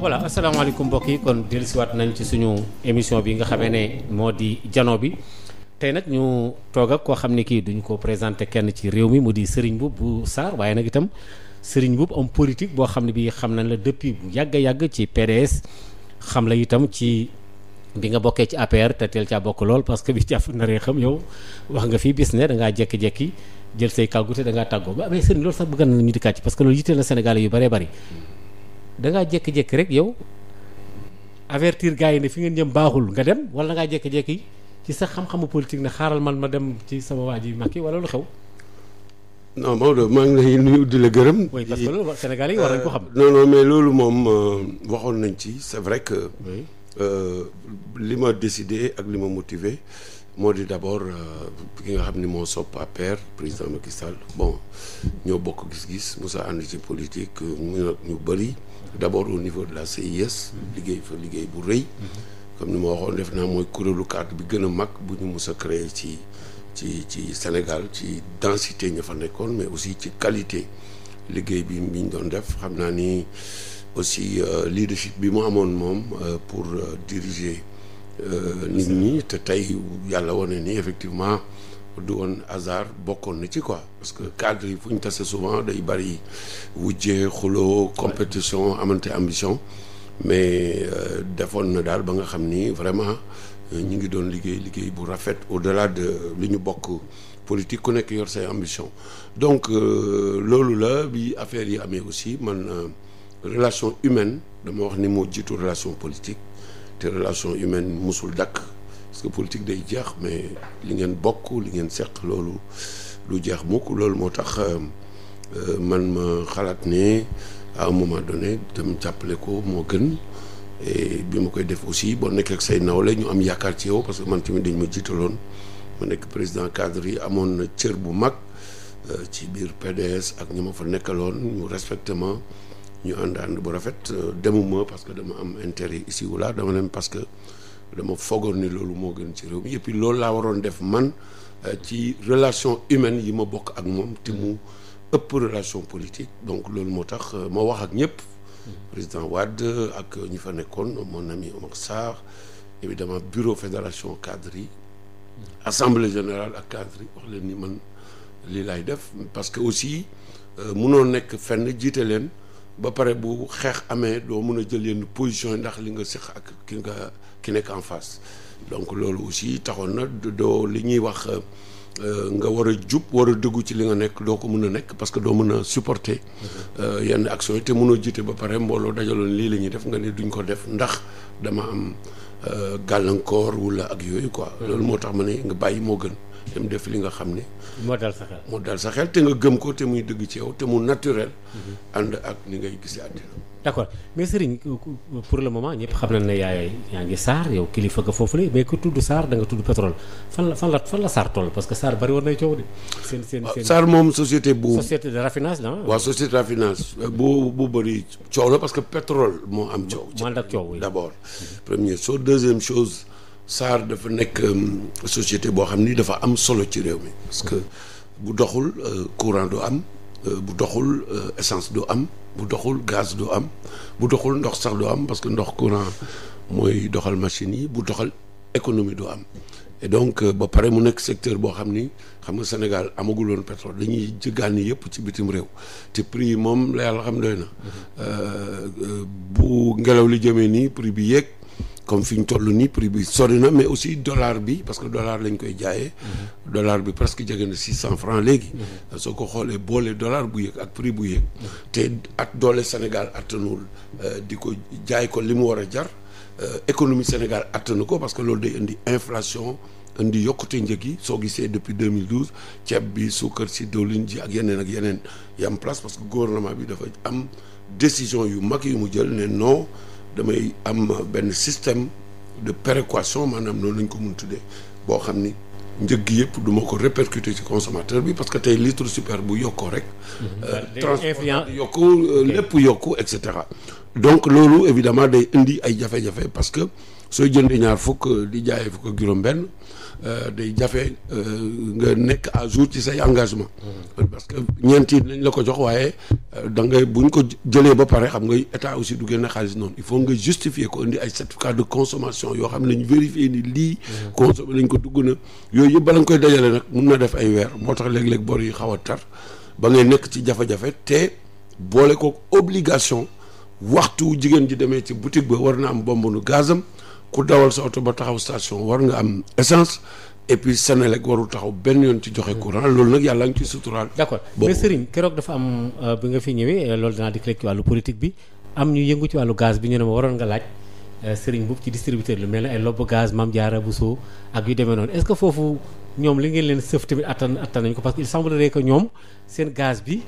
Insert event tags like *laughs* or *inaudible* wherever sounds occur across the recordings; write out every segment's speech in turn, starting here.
voilà asalaamaaleykum mbokk yi kon dellusiwaat nañ ci suñu émission bi nga xamee ne moo di jano bi tey nag ñu toog koo xam ne kii duñ ko présenté kenn ci réew mi mu di Serigne Mboup bu Sarr waaye nag itam Serigne Mboup homme politique boo xam ne bii xam nañ la depuis bu yàgg a yàgg ci PDS xam la itam ci bi nga bokkee ci APR te teel bokk lool parce que bi wax nga fii bis ne da ngaa jékki-jékki jël say kàggute da ngaa tàggoo ba mais Serigne loolu sax bëgg na ñu dikkaat ci parce que loolu yitteel na Sénégalais yu bëree bëri dangaa ngaa jékki rek yow avertir gars yi ne fi ngeen jëm baaxul nga dem wala da ngaa jékki ci sa xam-xamu politique ne xaaral man ma dem ci sama waa mag Macky wala lu xew. non maa ngi lay nuyu di la gërëm. oui parce que loolu Sénégal yi war nañ ko euh, mais loolu moom euh, waxoon nañ ci c'est vrai que. Euh, li ma décidé ak li ma motivé. moo di d' abord euh, ki nga xam ni moo sopp APR président Macky Sall bon ñoo bokk gis-gis musa ànd ci politique ñu ñu bëri d' abord au niveau de la CIS. liggéey fa liggéey bu rëy. comme ni ma waxoon def naa mooy kuréelu cadre bi gën a mag bu ñu mus a créé ci ci ci Sénégal ci densité ña fa nekkoon mais aussi ci qualité liggéey bi bi ñu doon def xam naa ni aussi euh, leadership bi mu amoon moom euh, pour diriger. Euh, nit ñi te tey yàlla wane ni effectivement du woon hasard bokkoon na ci quoi parce que cadre yi fu ñu tase souvent day bari wujjee xuloo compétition amante ambition mais euh, defoon na daal ba nga xam ni vraiment euh, ñu ngi doon liggéey liggéey bu rafet au-delà de li ñu bokk politique ku nekk yor say ambition donc loolu la bi affaire yi amee aussi man relation humaine dama wax ni moo jiitu relation politique te relation humaine musul dakk parce que politique day jeex mais li ngeen bokk li ngeen seq loolu lu jeex mukk loolu moo tax euh, euh, man ma xalaat ne à moment donné tam jàppale ko moo gën et bi ma koy def aussi boo nekk ak say nawle ñu am yaakaar ci yow parce que man tamit dañ ma jiitaloon ma nekk président cadre yi amoon na cër bu mag euh, ci biir PDS ak ñu ma fa nekkaloon ñu respectement ñu ànd ànd bu rafet euh, demuma parce que dama am intérêt ici ou là dama dem parce que dama foogoon ni loolu moo gën ci réew mi et loolu laa waroon def man euh, ci relation humaine yi ma bokk ak moom te mu ëpp relation politique donc loolu moo tax euh, ma wax ak ñëpp président Wade ak ñu fa nekkoon mon ami Omar Sarr évidemment bureau fédération cadre yi assemblée générale ak cadre yi wax leen ni man lii laay def parce que aussi munoo nekk fenn jiite leen ba pare bu xeex amee doo mën a jël yenn position yi ndax li nga seq ak ki nga ki nekk en face donc loolu aussi taxoon na doo li ñuy wax euh, nga war a jub war a dëggu ci li nga nekk doo ko mën a nekk parce que doo mën a supporter mhm. euh, yenn action yi te mënoo jiite ba pare mbooloo dajaloon lii la ñuy def nga ne duñ ko def ndax dama am euh, gàllankoor wala ak yooyu quoi. Mhm. loolu moo tax ma ne nga bàyyi moo gën. dem def li nga xam ne. moo dal sa xel moo dal sa xel te nga gëm ko te muy dëgg ci yow te mu naturel. ànd ak ni ngay gisee àddina. d'accord mais Serigne pour le moment ñëpp xam nañ ne yaay yaa ngi Sarr yow kilifa nga foofu la mais ku tudd Sarr da nga tudd pétrole fan la fan la fan la Sarr toll parce que Sarr bari woon nay coow de. seen seen ah, seen Sarr moom société bu. société de raffinage la waaw société de raffinage bu bu bëri coow la parce que pétrole moo am. coow ci moo ànd ak coow d'abord première deuxième chose. SAR dafa nekk euh, société boo xam ni dafa am solo ci réew mi parce que bu doxul euh, courant du am euh, bu doxul essence du am bu doxul gaz du am bu doxul ndox sax du am parce que ndox courant mooy doxal machine yi bu doxal économie du am et donc ba pare mu nekk secteur boo xam ni xam nga Sénégal amagul woon pétrole dañuy jëggaani yëpp ci bitim réew te prix yi moom la yàlla xam doy na mm-hmm. bu ngelaw li jëmee nii prix bi yéeg comme fi ñu toll nii prix bi sori na mais aussi dollar bi parce que dollar lañ koy jaayee. Mhm. dollar bi presque jege na six cent francs léegi. Mhm. soo ko xoolee boole dollar bu yëg ak prix bu yëg. Mhm. te ak doole Sénégal attanul euh, di ko jaay ko li mu war a jar euh, économie Sénégal attanu ko parce que loolu day indi inflation. indi yokkute njëg yi soo gisee depuis 2012 ceeb bi suukar si diwlin ji ak yeneen ak yeneen yam place parce que gouvernement bi dafa am décision yu mag yu mu jël ne non damay am benn système de péréquation maanaam noonu lañ ko mun tuddee boo xam ni njëgg yëpp duma ko répercuter ci consommateur bi parce que tey litre super bu yokkoo rek. Mhm. Euh, transport yokku euh, lépp yokku et cetera. donc loolu évidemment day indi ay jafe-jafe parce que sooy jëndee ñaar fukk di jaayee fukk ak juróom-benn. Euh, day jafe euh, nga nekk à jour ci say engagement parce que ñeenti nañ la ko jox waaye euh, da ngay buñ ko jëlee ba pare xam nga état aussi du génne xaalis noonu il faut nga justifier ko indi ay certificat de consommation yoo xam ne ñu vérifier ni lii mm-hmm. consommé nañ ko dugg na yooyu yëpp bala nga koy dajale nag mun na def ay weer moo tax léeg-léeg bor yi xaw a tar ba ngay nekk ci jafe-jafe te boole ko obligation waxtu jigéen ji demee ci boutique ba war na am bomb nu gazam ku dawal sa oto ba taxaw station war nga am essence et puis Senelec warul taxaw benn yoon ci joxe courant mm-hmm. loolu nag yàlla ngi ci suturaal. d'accord mais Serigne keroog dafa am euh, bi nga fi ñëwee euh, loolu danaa di ci wàllu politique bi am ñu yëngu ci wàllu gaz bi ñu ne ma waroon nga laaj euh, Serigne boobu ci distributeur lu mel ne ay lobb gaz Mame Diarra Bousso ak yu demee noonu est foofu. ñoom li ngeen leen sëf tamit attan attan nañu ko parce que il semblerait que ñoom seen gaz bi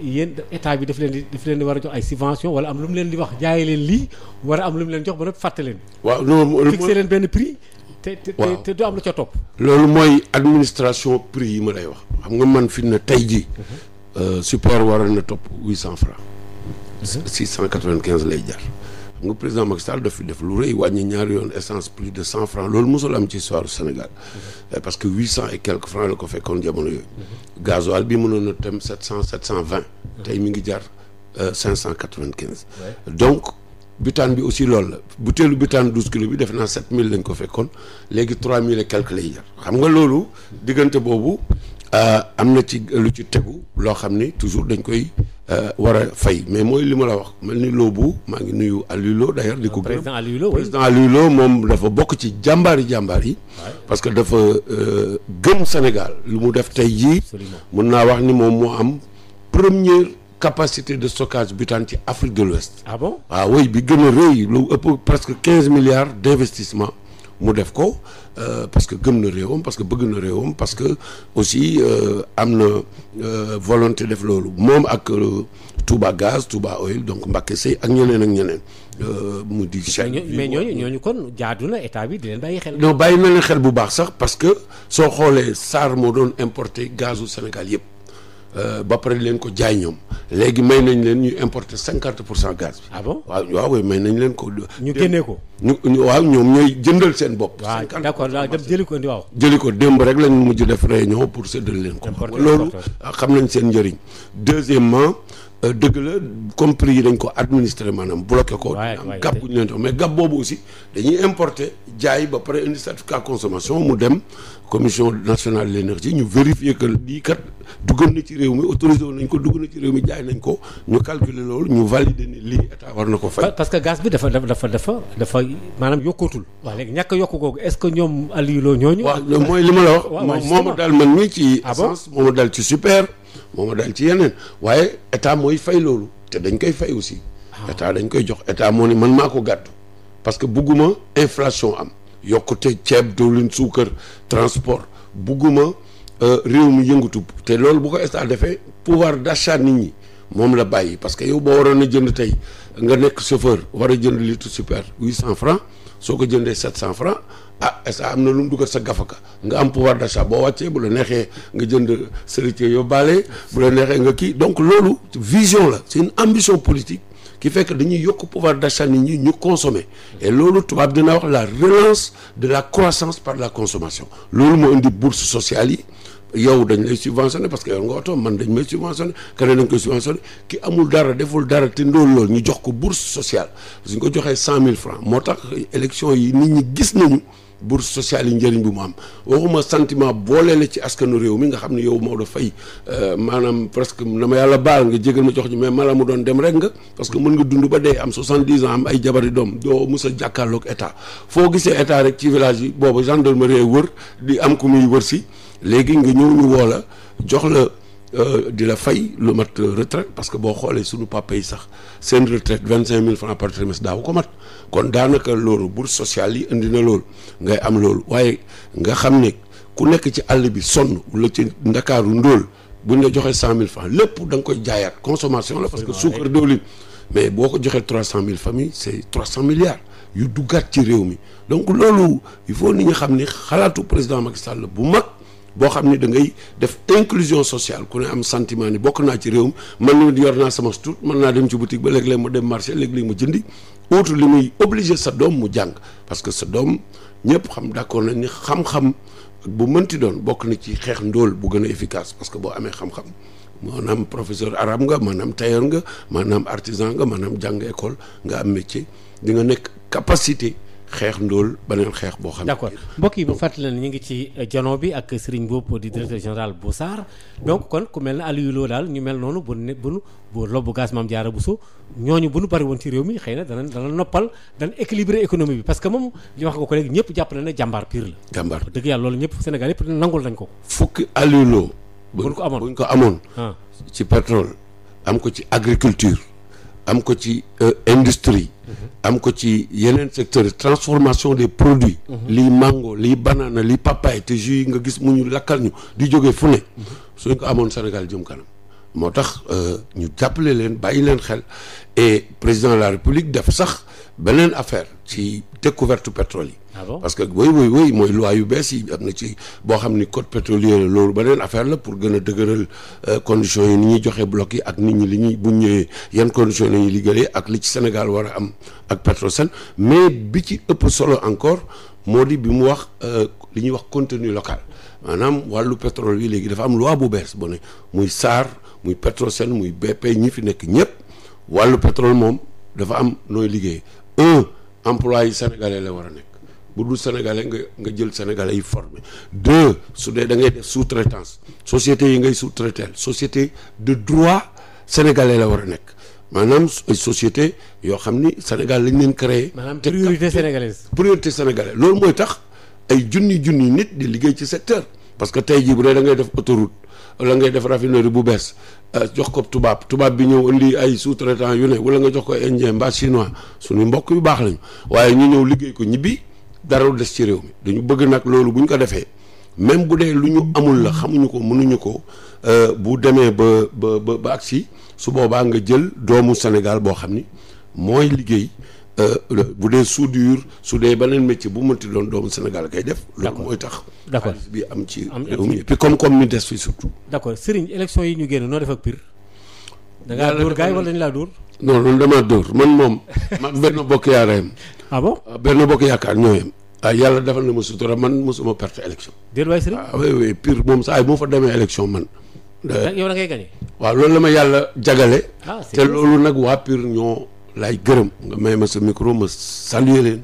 yéen état bi daf leen di daf leen di war a jox ay subvention wala am lu mu leen di wax jaay leen lii war a am lu mu leen jox ba noppi fàtte leen. waaw loolu fixé benn prix. te te lu ca topp. loolu mooy administration prix yi ma lay wax. xam nga man fi na tey jii. Mhm. Euh, support waroon na topp huit cent francs. Mhm. six cent quatre-vingt-quinze lay jar. nga président Macky Sall daf def lu rëy wàññi ñaari yoon essence plus de cent francs loolu mosul am ci histoire Sénégal euh, parce que huit cent et quelques francs la ko fekkoon jamono yooyu gasoil bi mënoon na tem sept cent cent vingt tey mi ngi jar euh, cinq cent quatre vingt donc butane bi aussi lool la butéelu butane douze kilos bi def naa sept mille lañ ko fekkoon léegi trois mille et quelques lay jar xam nga loolu diggante boobu euh, am na ci lu ci tegu loo xam ni toujours dañ koy Euh, war a fay mais mooy li ma la wax mel ni loo bu maa ngi nuyu Aliou Lo d'ailleurs di ko gërëm président moom dafa bokk ci jàmbaari jàmbaar yi parce que dafa euh, gëm Sénégal lu mu def tey jii mun naa wax ni moom moo am première capacité de stockage butane ci Afrique de l'Ouest ah bon ah bi gën a rëy lu ëpp presque quinze milliards d'investissement mu def ko euh, parce que gëm na réewam parce que bëgg na réewam parce que aussi euh, am na euh, volonté def loolu moom ak Touba Gaz Touba Oil donc Mbacké Seye ak ñeneen ak ñeneen mu di. mais ñooñu ñooñu kon jaadu na état bi di leen bàyyi xel. non bàyyi na leen xel bu baax sax parce que soo xoolee SAR moo doon importer gazu Sénégal yëpp. Euh, ba pare leen ko jaay ñoom léegi may nañ leen ñu importer cinquante pour cent gaz bi. ah bon waaw waaw may nañ leen ko. ñu génnee ko. ñu waaw ñoom ñooy jëndal seen bopp. waaw d'accord waaw dem jëli ko waaw. jëli ko démb rek lañ mujj def réunion pour séddal leen ko. loolu ah, xam nañ seen njariñ deuxièmement Euh, dëgg la comme prix yi dañ ko administré maanaam bloqué ko. waay am gab bu ñu leen jox mais gab boobu aussi dañuy importer jaay ba pare indi certificat consommation mu dem commission nationale de l' énergie ñu vérifier que lii kat duggal na ci réew mi autorisé woon nañ ko dugg na ci réew mi jaay nañ ko ñu calculer loolu ñu valider ni lii état war na ko fay. parce que gaz bi dafa dafa dafa dafa maanaam yokkootul. waaw léegi ñàkk yokk googu est ce que ñoom Aliou Lo ñooñu. waaw mooy li ma la wax. waaw moomu daal man mii ci. Ah essence moomu daal ci moo ma dal ci yeneen waaye état mooy fay loolu te dañ koy fay aussi ah. état dañ koy jox état moo ni man maa ko gàddu parce que bugguma inflation am yokkute ceeb diwlin suukar transport bugguma euh, réew mu yëngatu te loolu bu ko état defee pouvoir d'achat nit ñi moom la bàyyi parce que yow boo waroon a jënd tey nga nekk chauffeur war a jënd litre super huit cent francs soo ko jëndee sept cent francs ah est-ce am na lu mu dugal sa gafaka nga am pouvoir d'achat boo wàccee bu la neexee nga jënd seritier yóbbaale bu la neexee nga kii donc loolu vision la c'est une ambition politique qui fait dañuy yokk pouvoir d'achat nit ñi ñu consommer et loolu tubaab dina wax la relance de la croissance par la consommation loolu moo indi bourse sociale yi yow dañ lay subventionné parce que yow nga oto man dañ may subventionné keneen dañ koy subventionné ki amul dara deful dara ñu jox ko bourse sociale suñ ko joxee cent mille francs moo tax élection yi nit ñi gis nañu bourse social yi njëriñ bu mu am waxuma sentiment boole ci askanu réew mi nga xam ne yow Maodo Faye euh, maanaam presque na ma yàlla baal nga jégal ma jox ñu mais mala mu doon dem rek nga parce que mën nga dund ba dee am 70 ans am ay jabari doom doo mus a jàkkaarloog état foo gisee état rek ci village yi boobu gendarmerie wër di am ku muy wër si léegi nga ñëw ñu woo la jox la Euh, di la fay lu mat euh, retraite parce que boo xoolee suñu papa yi sax seen retraite vingt cinq mille francs par trimestre daaw ko mat kon daanaka loolu bourse social yi indi na loolu ngay am loolu waaye nga xam ne ku nekk ci àll bi sonn wala ci ndakaaru ndóol buñ la joxee cent mille francs lépp da nga koy jaayaat consommation la parce que suukar diwlin mais boo ko joxee trois cent mille famille c'est trois cent milliards yu duggaat ci réew mi donc loolu il faut nit ñi xam ni xalaatu président Macky Sall bu mag boo xam ni da ngay def inclusion sociale ku ne am sentiment ni bokk naa ci réewam man yor naa sama tuut mën naa dem ci boutique ba léeg-léeg mu dem marché léeg-léeg mu jëndi outre li muy obligé sa doom mu jàng parce que sa doom ñëpp xam d'accord nañ ni xam-xam bu mënti doon bokk na ci xeex ndóol bu gën a efficace parce que boo amee xam-xam maanaam professeur arabe nga maanaam tailleur nga maanaam artisan nga maanaam jàng école nga am métier di nga nekk capacité xeex ndóol beneen xeex boo xam ne d'accord mbokk yi bu fàttali leen ñu ngi ci euh, jano bi ak Serigne Mboup di directeur général bu SAR donc kon ku mel ne Aliou loo daal ñu mel noonu bu ne bu bu lobbu gaz bu Diarra ñoo ñu bu ñu bari woon ci réew mi xëy na dana dana noppal dana équilibrer économie bi parce que moom li wax nga ko léegi ñëpp jàpp na ne jàmbaar pire la jàmbaar dëgg yàlla loolu ñëpp Sénégal yëpp nangul nañ ko fukki Aliou Lo buñ ko amoon buñ ko amoon ah. ci pétrole am ko ci agriculture am ko ci euh, industrie mhm. am ko ci yeneen secteur transformation des produits mhm. lii mango lii banana lii papaye te jus yi nga gis mu ñu lakkal ñu di jógee fu ne mhm. suñ ko amoon Sénégal jëm kanam moo tax euh, ñu jàppale leen bàyyi leen xel et président de la République def sax beneen affaire ci découverte pétrole yi ah parce que oui oui oui mooy loi yu bees yi am na ci boo xam ni code pétrolier la loolu beneen affaire la pour gën a dëgëral euh, condition yi ni ñuy joxe bloc yi ak nit ñi li ñuy bu ñëwee yan condition la ñuy ak li ci Sénégal war a am ak Petrosen mais bi ci ëpp solo encore moo di bi mu wax euh, li ñuy wax contenu local maanaam wàllu pétrole yi léegi dafa am loi bu bees bu ne muy SAR muy Petrosen muy BP ñi fi nekk ñëpp wàllu pétrole moom dafa am nooy liggéey un employé sénégalais la war a nekk. bu dul sénégalais nga nga jël sénégalais yi formé deux su dee da ngay def sous-traitance société yi ngay sous-traiter société de droit sénégalais la war a nekk maanaam ay société yoo xam ni Sénégal lañ leen créé. maanaam priorité sénégalaise. priorité sénégalaise loolu mooy tax ay junni junni nit di liggéey ci secteur parce que tey jii bu dee da ngay def autoroute wala ngay def raffinerie bu bees euh, jox ko tubaab tubaab bi ñëw indi ay sous-traitant yu ne wala nga jox ko indien mbaa chinois suñu mbokk yu baax lañu waaye ñu ñëw liggéey ko ñibbi. dara des ci réew mi dañu bëgg nag loolu bu ñu ko defee même bu dee lu ñu amul la xamuñu ko mënuñu ko euh, bu demee ba ba ba agsi su boobaa nga jël doomu Sénégal boo xam ni mooy liggéey euh, bu dee soudure su dee beneen métier bu mënti doon doomu Sénégal kay def. loolu mooy tax. d'accord bi am ci réew mi et puis comme comme ni des fi surtout. d'accord Serigne élection yi ñu génn noo def ak pire. da ngaa dóor gaay wala dañu laa dóor. non loolu dama dóor man moom man benn bokk yaakaar yem. ah, ah benn bokk yaakaar ñoo yem. waaw ah, yàlla defal na ma sutura man mosuma perte élection. déedéet waay sëriñ. ah moom saa yi fa demee élection man. yow da waaw loolu la ma yàlla jagale. Ah, te loolu nag waa pire ñoo lay gërëm. nga may ma sa micro ma saluer leen.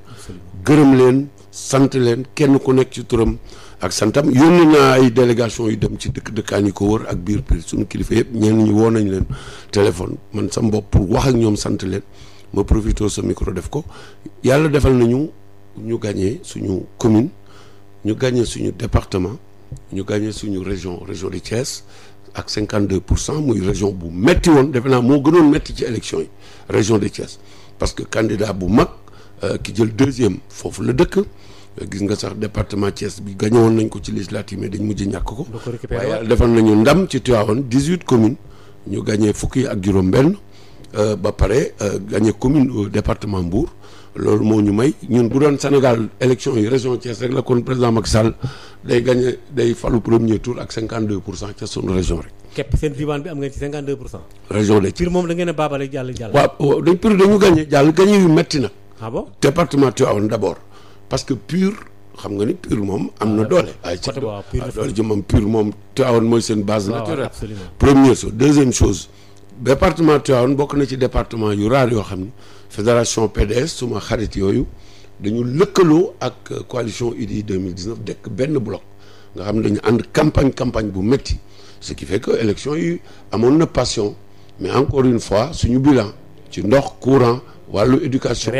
gërëm leen sant leen kenn ku nekk ci turam. ak santam yónni naa ay délégation yu dem ci dëkk dëkkaan yi ko wër ak biir biir suñu kilifa yëpp ñenn ñi woo nañu leen téléphone man sam bopp pour wax ak ñoom sant leen ma profité sa micro def ko yàlla defal nañu ñu gagné suñu commune ñu gagné suñu département ñu gagné suñu région région de Thiès ak 52 pour cent muy région bu metti woon defe naa moo gënoon metti ci élection yi région de Thiès parce que candidat bu mag euh, ki jël deuxième foofu la dëkk. gis nga sax département Thiès bi gagné nañ ko ci législative mais dañ mujj ñàkk ko waaye yàlla defal nañu ndam ci Tivaouane dix-huit communes ñu gagné fukki ak juróom benn euh, ba pare euh, gagné commune euh, département Mbour loolu moo ñu may ñun bu doon Sénégal élection yi région Thiès rek la kon président Macky Sall day gagné day falu premier tour ak 52 pour cent ca sunu région rek. képp seen diwaan bi am ngeen ci région de Thiès pire moom da ngeen a baabale jàll jàll. waaw oh, dañ pire dañu gagné d' abord. parce que pur xam nga ni pur moom am na ah, doole ay ci ah, doole ji moom pur moom Tivaouane mooy seen base naturelle première chose deuxième chose département Tivaouane bokk na ci département yu raar yoo xam ni fédération PDS suma xarit yooyu dañu lëkkaloo ak euh, coalition UDI 2019 dekk benn bloc nga xam ne dañu ànd campagne campagne bu métti ce qui fait que élection yi amoon na passion mais encore une fois suñu bilan ci ndox courant wàllu éducation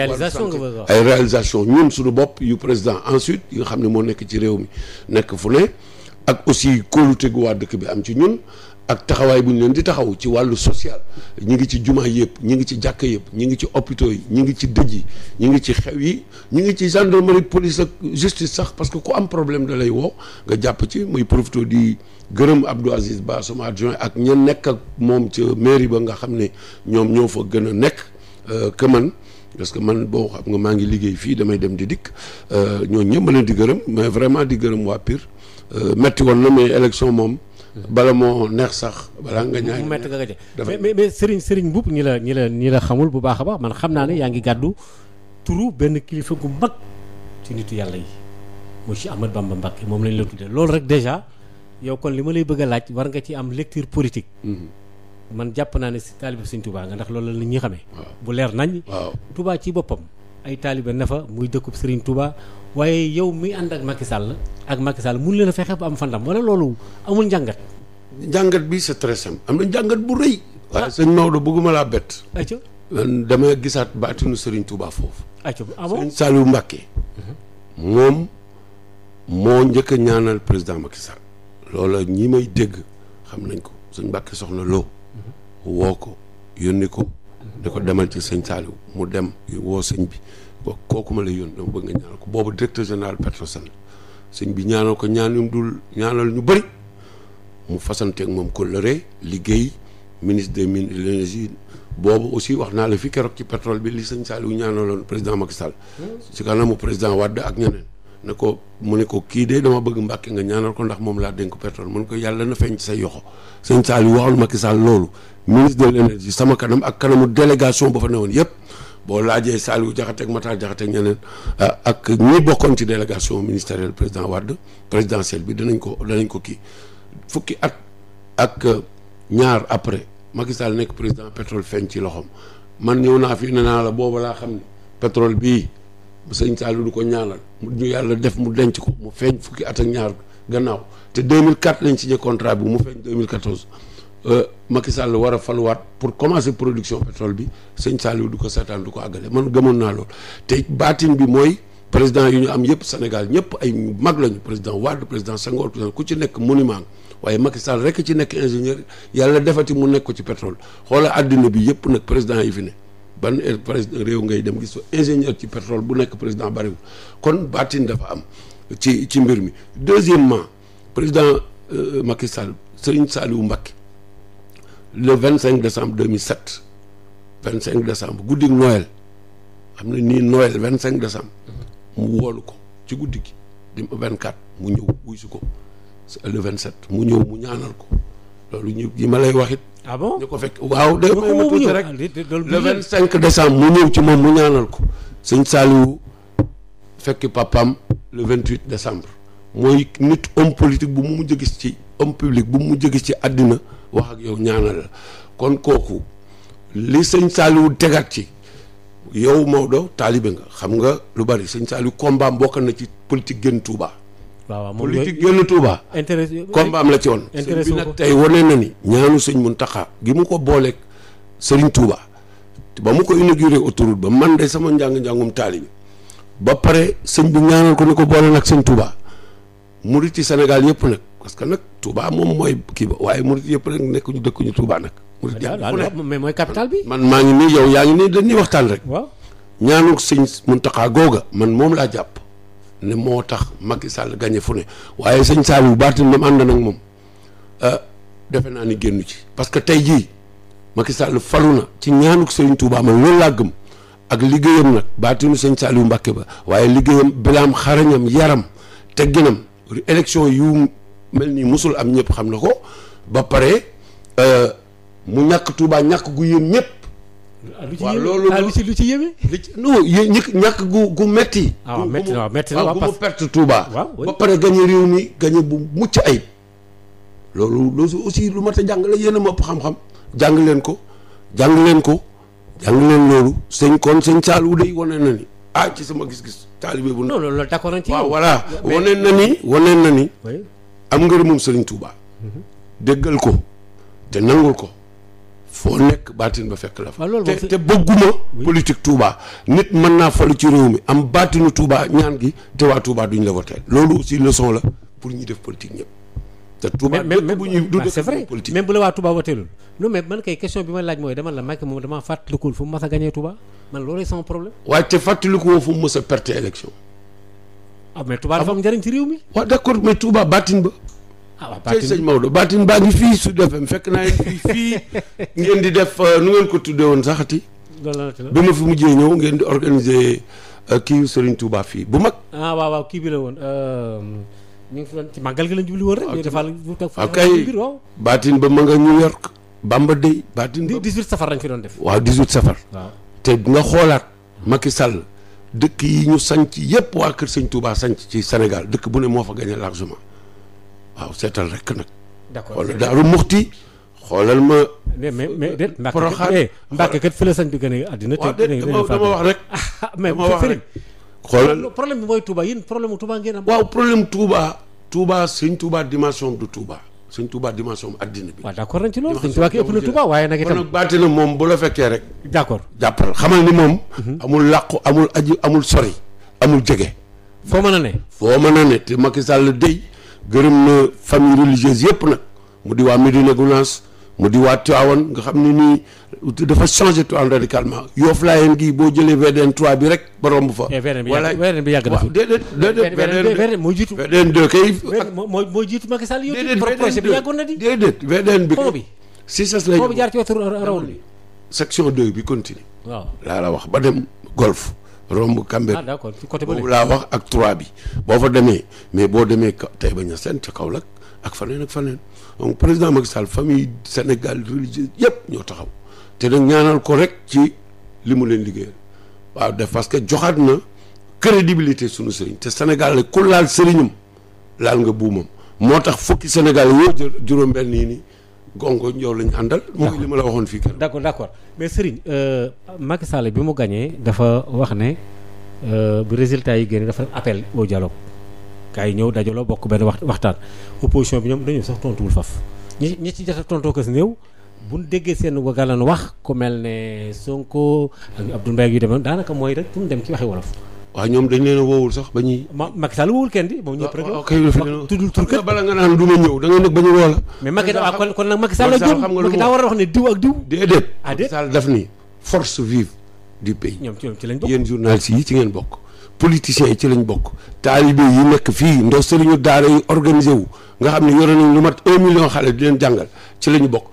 ay réalisation ñun suñu bopp yu président ensuite yi nga xam ne moo nekk ci réew mi nekk fu ne ak aussi kóolute gu waa dëkk bi am ci ñun ak taxawaay bu ñu leen di taxaw ci wàllu social ñu ngi ci jumaa yëpp ñu ngi ci jàkka yëpp ñu ngi ci hôpitaux yi ñu ngi ci dëj yi ñi ngi ci xew yi ñu ngi ci gendarmerie police ak justice sax parce que ku am problème da lay woo nga jàpp ci muy profité di gërëm Abdou Aziz Ba sama adjoint ak ña nekk ak moom ca mairie ba nga xam ne ñoom ñoo fa gën a nekk Euh, que man parce que man boo xam nga maa ngi liggéey fii damay dem di dikk euh, ñoo ñëpp leen di gërëm mais vraiment di gërëm waa Pire euh, metti woon na mais élection moom bala moo neex sax balaa nga ñaay metti nga gaje mais mais Serigne Serigne Mboup ñi la ñi la ñi la xamul bu baax a baax man xam naa ne yaa ngi gàddu turu benn kilifa gu mag ci nitu yàlla yi mu ci Ahmad Bamba Mbacké moom lañ la tuddee loolu rek déjà yow kon li ma lay bëgg a laaj war nga ci am lecture politique mm-hmm. man jàpp naa ne si taalibe Sëñ Touba nga ndax loolu la ñuy xamee. bu leer nañ. waaw Touba ci boppam ay taalibe na fa muy dëkkub sëriñ tubaa waaye yow muy ànd ak Macky sàll ak Macky Sall mun leen a fexe ba am fandam wala loolu amul njàngat. njàngat bi c'est am na jàngat bu rëy. waaye ah. sëñ Maodo bëgguma laa bett. ayca man dama gisaat baatinu Serigne Touba foofu. ayca ah bon Serigne Saliou Mbacké. moom moo njëkk ñaanal président Macky Sall. loola ñi may dégg xam nañ ko sëñ Mbacké soxna loo. woo ko yónni ko di ko demal ci sëñ Saliou mu dem woo sëñ bi ba kooku ma la yónni dama bëgg nga ñaanal ko boobu directeur général Petrosen sëñ bi ñaanal ko ñaan yu dul ñaanal ñu bëri mu fasanteeg moom kóllëre liggéey ministre de mines et de l'énergie boobu aussi wax naa la fi keroog ci pétrole bi li sëñ Saliou ñaanaloon président Macky Sall. si hmm. mu président Wade ak ñeneen. ne ko mu ne ko kii de dama bëgg Mbàkke nga ñaanal ko ndax moom laa dénk pétrole mu ne ko yàlla na feeñ ci say yoxo sëñ Saliou waxul Macky Sall loolu ministre de l'énergie sama kanam ak kanamu délégation ba fa ne woon yëpp boo laajee Saliou Diakhaté ak Matar Diakhaté ak ñeneen ah, ak ñi bokkoon ci délégation ministérielle président Wade présidentielle bi danañ ko danañ ko kii fukki at ak eh, ñaar après Macky nekk président pétrole feeñ ci loxoom man ñëw naa fi ne naa la booba laa xam ne bii sëñ Saliou du ko ñaanal ñu yàlla def mu denc ko mu feeñ fukki at ak ñaar gannaaw te mille 2004 lañ signé contrat bi mu feeñ 2014 euh, Macky Sall war a faluwaat pour commencer production pétrole bi sëñ Saliou du ko seetaan du ko àggale man gëmoon naa lool te baatin bi mooy président yu ñu am yëpp Sénégal ñëpp ay mag lañu président Wade président Senghor président ku ci nekk monument waaye Macky Sall rek ci nekk ingénieur yàlla defati mu nekk ci pétrole xoola àddina bi yëpp nag président yi ban er, président réew ngay dem gis fa ingénieur ci pétrole bu nekk président bariwul kon baatin dafa am ci ci mbir mi deuxièmement président euh, Macky Sall Serigne Saliou Mbacké le 25 décembre 2007 25 décembre guddi Noël am na nii Noël cinq décembre mu woolu ko ci guddi gi di 24 mu ñëw wuy si ko le 27 mu ñëw mu ñaanal ko loolu ñu ma lay wax ah bon ñu ko fekk waaw de ma tuuti rek le vingt cinq décembre mu ñëw ci moom mu ñaanal ko sëñ Saliou fekk papam le vingt huit décembre mooy nit homme politique bu mu mujj gis ci homme public bu mu mujj gis ci àddina wax ak yow ñaanal la kon kooku li sëñ Saliou tegaat ci yow Maodo taalibe nga xam nga lu bari sëñ Saliou combat bokk na ci politique génn Touba waaw waaw politique yoonu Touba. intéressé combat am la ci woon. intéressé bi nag tey wane na ni. ñaanu sëñ Mountakha gi mu ko booleeg Serigne Touba ba mu ko inauguré autoroute ba man de sama njàng-njàngum taalibi ba pare sëñ bi ñaanal ko ni ko boole nag sëñ Touba murit ci senegal yëpp nag parce que nag Touba moom mooy kii ba waaye murit yëpp nag nekkuñu dëkkuñu Touba nag. murit yëpp mais mooy capital man maa ngi nii yow yaa ngi nii dañuy waxtaan rek. waaw ñaanu sëñ mun Mountakha googa man moom laa jàpp. ne moo tax Macky Sall gagné fu ne waaye sëñ Saliou baatin na mu ànd nag moom ah, defe naa ni génn ci parce que tey jii Macky Sall falu na ci ñaanu Serigne Touba man loolu laa gëm ak liggéeyam nag baatinu sëñ Saliou Mbacke ba waaye liggéeyam bilaam xarañam yaram te tegginam élection yu mel ni mosul am ñëpp xam na ko ba pare euh, mu ñàkk tuubaa ñàkk gu yëm Ah, loolu ah, lu ci lu ci yéeme li ci non ñàkk gu gu metti waaw ah, metti metti na waaw bu mu perte Touba ba pare gañe réew mi gañe bu mucc ayib loolu loolu aussi lu mat a jàngale yéen a ma ëpp xam-xam jàng leen ko jàng leen ko jàng leen loolu sëñ kon sëñ Saliou day wane na ni ah ci sama gis-gis taalibe bu non loolu d'accord nañ ci waaw voilà wane na ni wane na ni am ngërëmum sëriñ Touba mhm. déggal ko te nangul ko foo nekk baatin ba fekk la fa te te bëgguma politique Touba nit mën naa falu ci réew mi am baatinu Touba ñaan gi te waa Touba duñ la voté loolu aussi leçon la pour ñu def politique ñëpp te Touba même bu ñuy du c'est vrai bu la waa Touba voté loolu non mais man kay question bi ma laaj mooy dama la Macky moom dama fàttalikul fu mu mës a gagné Touba man loolu sama problème waaye te fàttalikoo fu mu mës a perte élection ah mais Touba dafa ah am njëriñ ci réew mi waaw d'accord mais Touba ba ah waaw Batin sëñ Maodo Batin baa ngi fii Sud mu fekk naa fii fii *laughs* ngeen di def euh, nu ngeen ko tuddee woon saxati. bi ma fi mujjee ñëw ngeen di organiser euh, kii Serigne Touba fii bu mag. ah waaw waaw kii bi la woon euh, ñu ngi fi ci màggal gi lañ jubli woon rek. Ah, ñu defal ah, biir waaw Batin ba ma nga New York. Bamba Day Batin ba 18 safar lañ fi doon def. waaw 18 safar. waaw te nga xoolaat Macky Sall dëkk yi ñu sañc yépp waa Kër Sëñ Touba sañc ci Sénégal dëkk bu ne moo fa gagné largement. waaw seetal rek nag. d'accord xoolal Daaru Muxti xoolal ma. mais mais déet eh, Mbàkke kat fi la sant gën a àddina. te dama wax rek. *laughs* Ah, mais Serigne xoolal problème bi mooy Touba yéen problème mu Touba ngeen am. waaw problème Touba. Touba sëñ Touba du Touba. suñ Touba dimension àddina bi. waaw d'accord nañ ci loolu sëñ Touba ki ëpp na Touba waaye nag itam. kon nag moom bu la fekkee rek. d'accord jàppal xamal ni moom. Mhm. amul làqu amul aji amul sori. amul jege. foo ma a ne. foo mën a ne te Macky Sall dey gërëm na famille religieuse yëpp nag mu di waa Médina Gounass mu di waa Tivaouane nga xam ne nii dafa changé Tivaouane radicalement Yoff Layeen gi boo jëlee VDN 3 bi rek ba romb fa. voilà VDN bi yàgg na déedéet déedéet VDN moo jiitu VDN 2 kay. moo moo jiitu Macky Sall yow. projet bi yàggoon na di déedéet VDN bi kay si sas lay jaar ci wetu rawoon bi section 2 bi continue waaw laa la wax ba dem golf romb Cambérène ah d'accord ci côté boobu laa wax ak trois bi boo fa demee mais boo demee tey ba Niassène ca Kaolack ak faneen ak faneen donc président Macky Sall famille Sénégal religieuse yëpp ñoo taxaw te nag ñaanal ko rek ci li mu leen liggéeyal waaw def parce que joxaat na crédibilité suñu sëriñ te Sénégal la ku laal sëriñam laal nga buumam moo tax fukki Sénégal yoo jël juróom-benn yi nii gongo yow lañu àndal. mooy li ma la waxoon fii. d' accord d' accord mais Serigne euh, Macky Sall bi mu gagné dafa wax ne euh, bu résultat yi génne dafa appel au jaloo gars yi ñëw dajaloo bokk benn wax waxtaan opposition bi ñoom dañu sax tontuwul faf ñi ñi ci jota tontoo ko si néew bu ñu déggee seen wagalan wax ku mel ne Sonko ak Abdoul Mbaye yu demee daanaka mooy rek pour dem ci waxi wolof. waaw ñoom dañ leen a woowul sax ba ñuy. ma Macky Sall woowul kenn di moom ñëpp rek. a woo a wax ne diw ak diw. déedéet ah, Macky ñoom ci lañ bokk yéen journalistes yi ci ngeen bokk. politiciens yi ci lañ bokk. taalibe yi nekk fii ndaw sëriñu daara yi organisé wu nga xam ni yore nañ lu mat un million xale di leen jàngal ci la ñu bokk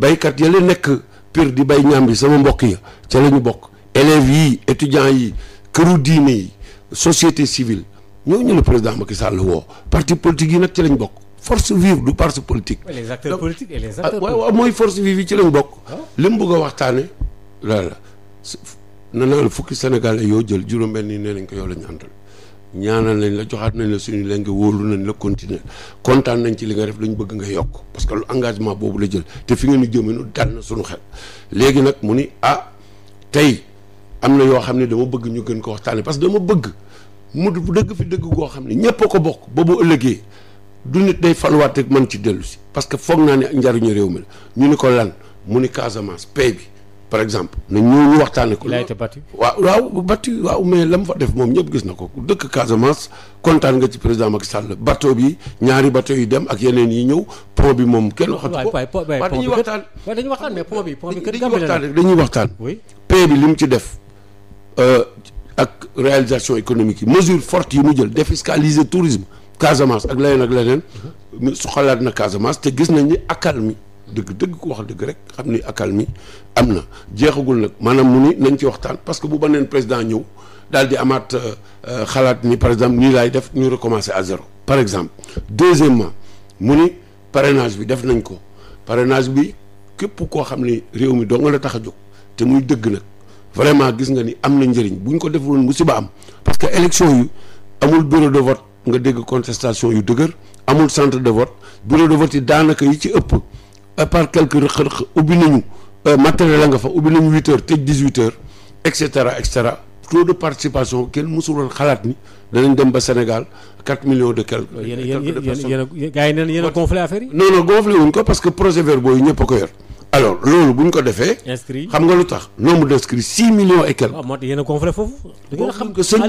béykat ya leen nekk pire di bay ñaam bi sama mbokk yi ci la ñu bokk élèves yi étudiants yi këru diine yi société civile ñooñu la président Macky Sall woo parti politique yi nag ci lañ bokk force vive du parti politique. les acteurs ah, mooy force vive yi ci lañ bokk. Ah. li mu bëgg a waxtaane voilà na naa fukki sénégalais yoo jël juróom-benn nii nee nañ ko yow la ñu àndal ñaanal nañ la joxaat nañ la suñu lenge wóolu nañ la continuer kontaan nañ ci li nga def lañ bëgg nga yokk parce que lu engagement boobu la jël te fi ngeen di jëmee nu dal na suñu xel léegi nag mu ni ah am na yoo xam ne dama bëgg ñu gën ko waxtaanee parce que dama bëgg mu dëgg fi dëgg goo xam ne ñëpp ko bokk ba bu ëllëgee du nit day faluwaat rek mën ci dellu si parce que foog naa ne njariñu réew mi la ñu ni ko lan mu ni Casamance paix bi par exemple na ñëw ñu waxtaanee ko. waaw waaw battu waaw mais la mu fa def moom ñëpp gis na ko dëkk Casamance kontaan nga ci président Macky Sall bateau bi ñaari bateau yi dem ak yeneen yi ñëw pont bi moom kenn waxatu ko. waay waay dañuy waxtaan. waaw dañuy waxtaan mais pont bi pont bi dañuy waxtaan. oui bi li mu ci def. Euh, ak réalisation économique yi mesures fortes yi mu jël défiscaliser tourisme Casamance ak leneen ak leneen su mhm. xalaat na Casamance te gis nañ ni accalmie dëgg dëgg ko wax dëgg rek xam ni accalmie am na jeexagul nag maanaam mu ni nañ ci waxtaan parce que bu beneen président ñëw daal di amaat euh, euh, xalaat ni par exemple nii laay def ñu recommencer à zéro par exemple deuxièmement mu ni parrainage bi def nañ ko parenage bi képp koo xam ni réew mi doo nga la tax a jóg te muy dëgg nag vraiment gis nga ni am na njëriñ bu ñu ko def defoon musiba am parce que élection yu amul bureau de vote nga dégg contestation yu dëgër amul centre de vote bureau de vote yi daanaka yi ci ëpp à part quelques rëq-rëq ubbi nañu euh, matériel la nga fa ubbi nañu huit heures tëj huit heures et cetera et cetera taux de participation kenn mësul xalaat ni danañ dem ba Sénégal quatre millions de quelques. yéen yéen yéen yéen gars yi a gonflé affaire wuñ ko parce que projet verbaux ñëpp ko yor. alors loolu bu ñu ko defee. inscrit xam nga lu tax nombre d' inscrits six millions et quelques. Ah, moo tax yéen a conféré foofu. da ngeen xam que sëñ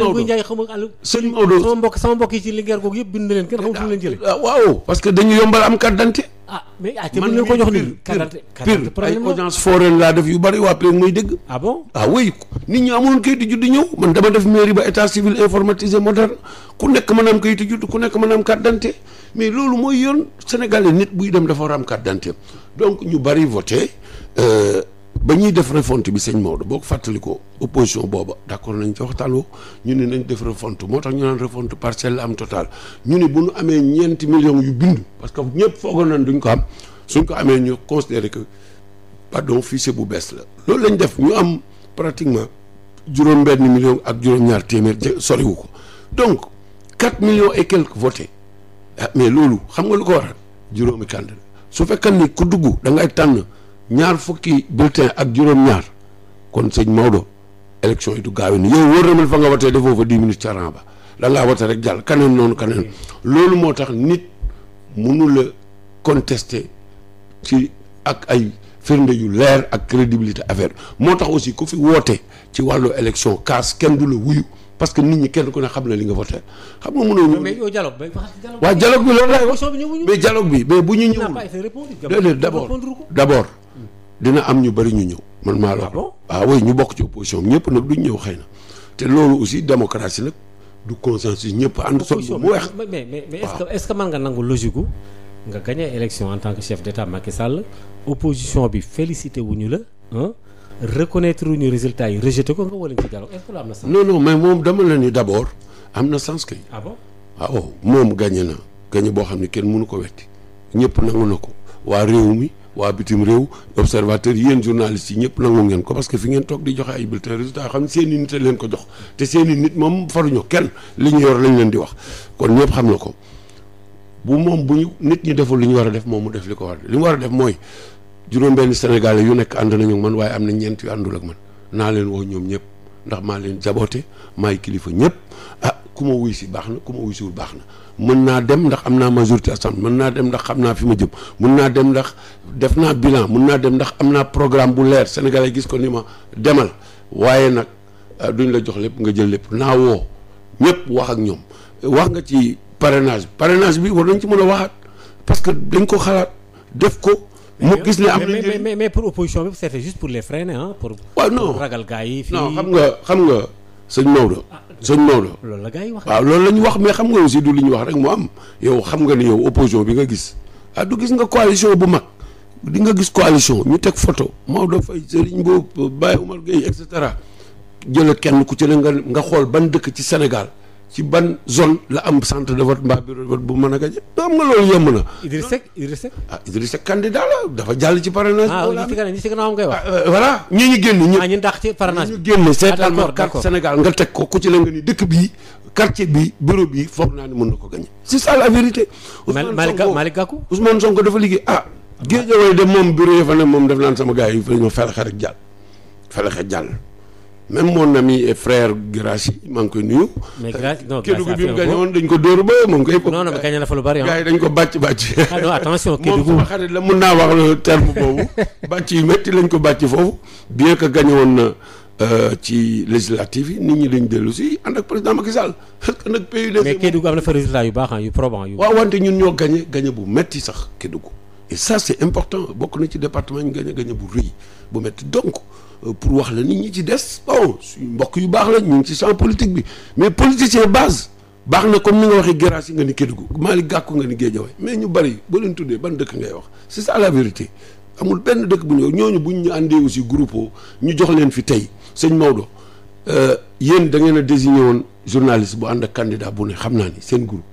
mbokk sama mbokk yi ci Linguère googu yëpp bind leen kenn xamul leen jëlee. Ah, waaw parce que dañu yombal am carte ah mais ah man ko jox nii pire ay audience foraine laa def yu bari waa PNN mooy dégg. ah bon ah oui nit ñi amoon di judd ñëw man dama def mairie ba état civil informatisé moderne ku nekk mën am kayitu judd ku nekk mën am carte d'identité mais loolu mooy yoon sénégalais nit buy dem dafa war am carte d'identité donc ñu bari voté. Euh, ba ñuy def refonte bi sëñ Maodo boo ko fàttalikoo opposition booba d'accord nañ ci waxtaan ñu ne nañ def refonte moo tax ñu naan refonte partielle la am total ñu ne bu ñu amee ñeenti millions yu bindu parce que ñëpp foogoon nañ duñ ko am suñ ko amee ñu considéré que pardon fichier bu bees la loolu lañ def ñu am pratiquement juróom benn million ak juróom-ñaar téeméer soriwu ko donc quatre million et quelques votés ah, mais loolu xam nga lu ko war juróomi candidat su fekkee ni ku dugg da ngay tànn ñaar fukki bulletin ak juróom-ñaar kon sëñ Maodo élection yi du gaawe ni yow wóor na fa nga watee defoo fa dix minutes ca ba lan laa wate rek jàll kaneen noonu kaneen loolu moo tax nit mënu la contester ci ak ay firnde yu leer ak crédibilité affaire moo tax aussi ku fi woote ci wàllu élection kaas kenn du la wuyu parce que nit ñi kenn ku ne xam na li nga voté xam nga mënoo. mais yow dialogue bi waaw dialogue bi loolu laay wax mais bi mais bu ñu ñëwul déedéet d' d' abord. dina am ñu bëri ñu ñëw man maa la ah wax ah ñu bokk ci opposition bi ñëpp nag duñ ñëw xëy na te loolu aussi démocratie nag du consensus ñëpp ànd sol bu weex mais mais mais est-ce que est-ce que nga nangu logique gu nga gagné élection en tant que chef d'état Macky Sall opposition bi félicité wuñu la reconnaître wuñu résultat yi rejeté ko nga wala ci dialogue est am na sens mais moom dama la ni d'abord am na sens kay ah, ah oh, moom gañe na gagné boo xam ne kenn mënu ko wetti ñëpp nangu na ko waa réew mi waa bitim réew observateur yéen journalistes yi ñëpp nangu ngeen ko parce que fi ngeen toog di joxe ay bulletins résultats xam ne seen i nit leen ko jox te seen i nit moom faruñu kenn li ñu yor lañ leen di wax kon ñëpp xam na ko bu moom bu ñu nit ñi deful li ñu war a def moom mu def ko war li mu war a def mooy juróom-benn sénégalais yu nekk ànd nañu man waaye am na ñeent yu àndul ak man naa leen woo ñoom ñëpp ndax maa leen jaboote maay kilifa ñëpp ah ku ma wuy si baax na ku ma wuy siwul baax na mën naa dem ndax am naa majorité assemblée mën naa dem ndax xam naa fi ma jëm mën naa dem ndax def naa bilan mun naa dem ndax am naa programme bu leer sénégalais gis ko ni ma demal waaye nag euh, duñ la jox lépp nga jël lépp naa woo ñëpp wax ak ñoom wax nga ci parrainage parrainage bi war nañ ci mën a wax waxaat parce que dañ ko xalaat def ko mu gis ne am na mais mais pour opposition bi c'était juste pour les freiner ah pour ragal gars yi fii non xam nga xam nga sëñ Maodo ah, sëñ Maodo. loolu la gars yi wax waaw loolu la ñu wax mais xam nga aussi du li ñu wax rek mu am yow xam nga ni yow opposition bi nga gis ah du gis nga coalition bu mag di nga gis coalition ñu teg photo Maodo Faye Serigne Mboup bàyyi Omar Gueye et cetera jël kenn ku ci ne nga nga xool ban dëkk ci Sénégal. ci ban zone la am centre de vote mbaa bureau de vote bu mën a gaje am nga loolu yomb na. Idriss Seck Idriss Seck. ah Idriss Seck dafa jàll ci parrainage. ah ñi si ñi si gannaaw koy wax. Ah, euh, voilà ñi ñu génn. ñi ah, ñu dàq ci parrainage ñu génn ah, seetal ma carte Sénégal nga teg ko ku ci la nga ni dëkk bii quartier bi bureau bi foog naa ne mën na ko gagné. c'est ça la vérité. Malick Malick Gakou Ousmane Sonko dafa liggéey ah. géej de moom bureau yi moom def naan sama gars yi fa ñu ma felax rek jàll felax jàll même mon ami et frère Guirassy maa ngi koy nuyu. mais Guirassy non Kédougou bi mu gagné woon dañ ko dóor ba moom kay. non non bari ah. gars ko bàcc bàcc. ah non attention Kédougou moom sama la mun naa wax le terme boobu *laughs* bàcc yu métti lañ ko bàcc foofu bien que gagné woon na. Euh, ci législative yi nit ñi dañ dellu si ànd ak président Macky Sall parce *laughs* que nag PUDC. mais Kédougou am na fa résultat yu baax yu probant yu. waaw wante ñun ñoo gagné gagné bu metti sax Kédougou et ça c' est important bokk na ci département ñu gagné gagné bu rëy bu metti donc. Euh, pour wax la nit ñi ci des bon oh, suñu mbokk yu baax la ñu si ci champ politique bi mais politicien base baax na comme ni nga waxee Guirassy nga ni Kédougou Malick Gakou nga ni Guédiawaye mais ñu bari boo leen tuddee ban dëkk ngay wax c'est ça la vérité amul benn dëkk bu ñëw ñooñu buñ ñu àndee aussi groupe ñu jox leen fi tey sëñ Maodo euh, yéen da ngeen a désigné woon journaliste bu ànd ak candidat bu ne xam naa ni seen groupe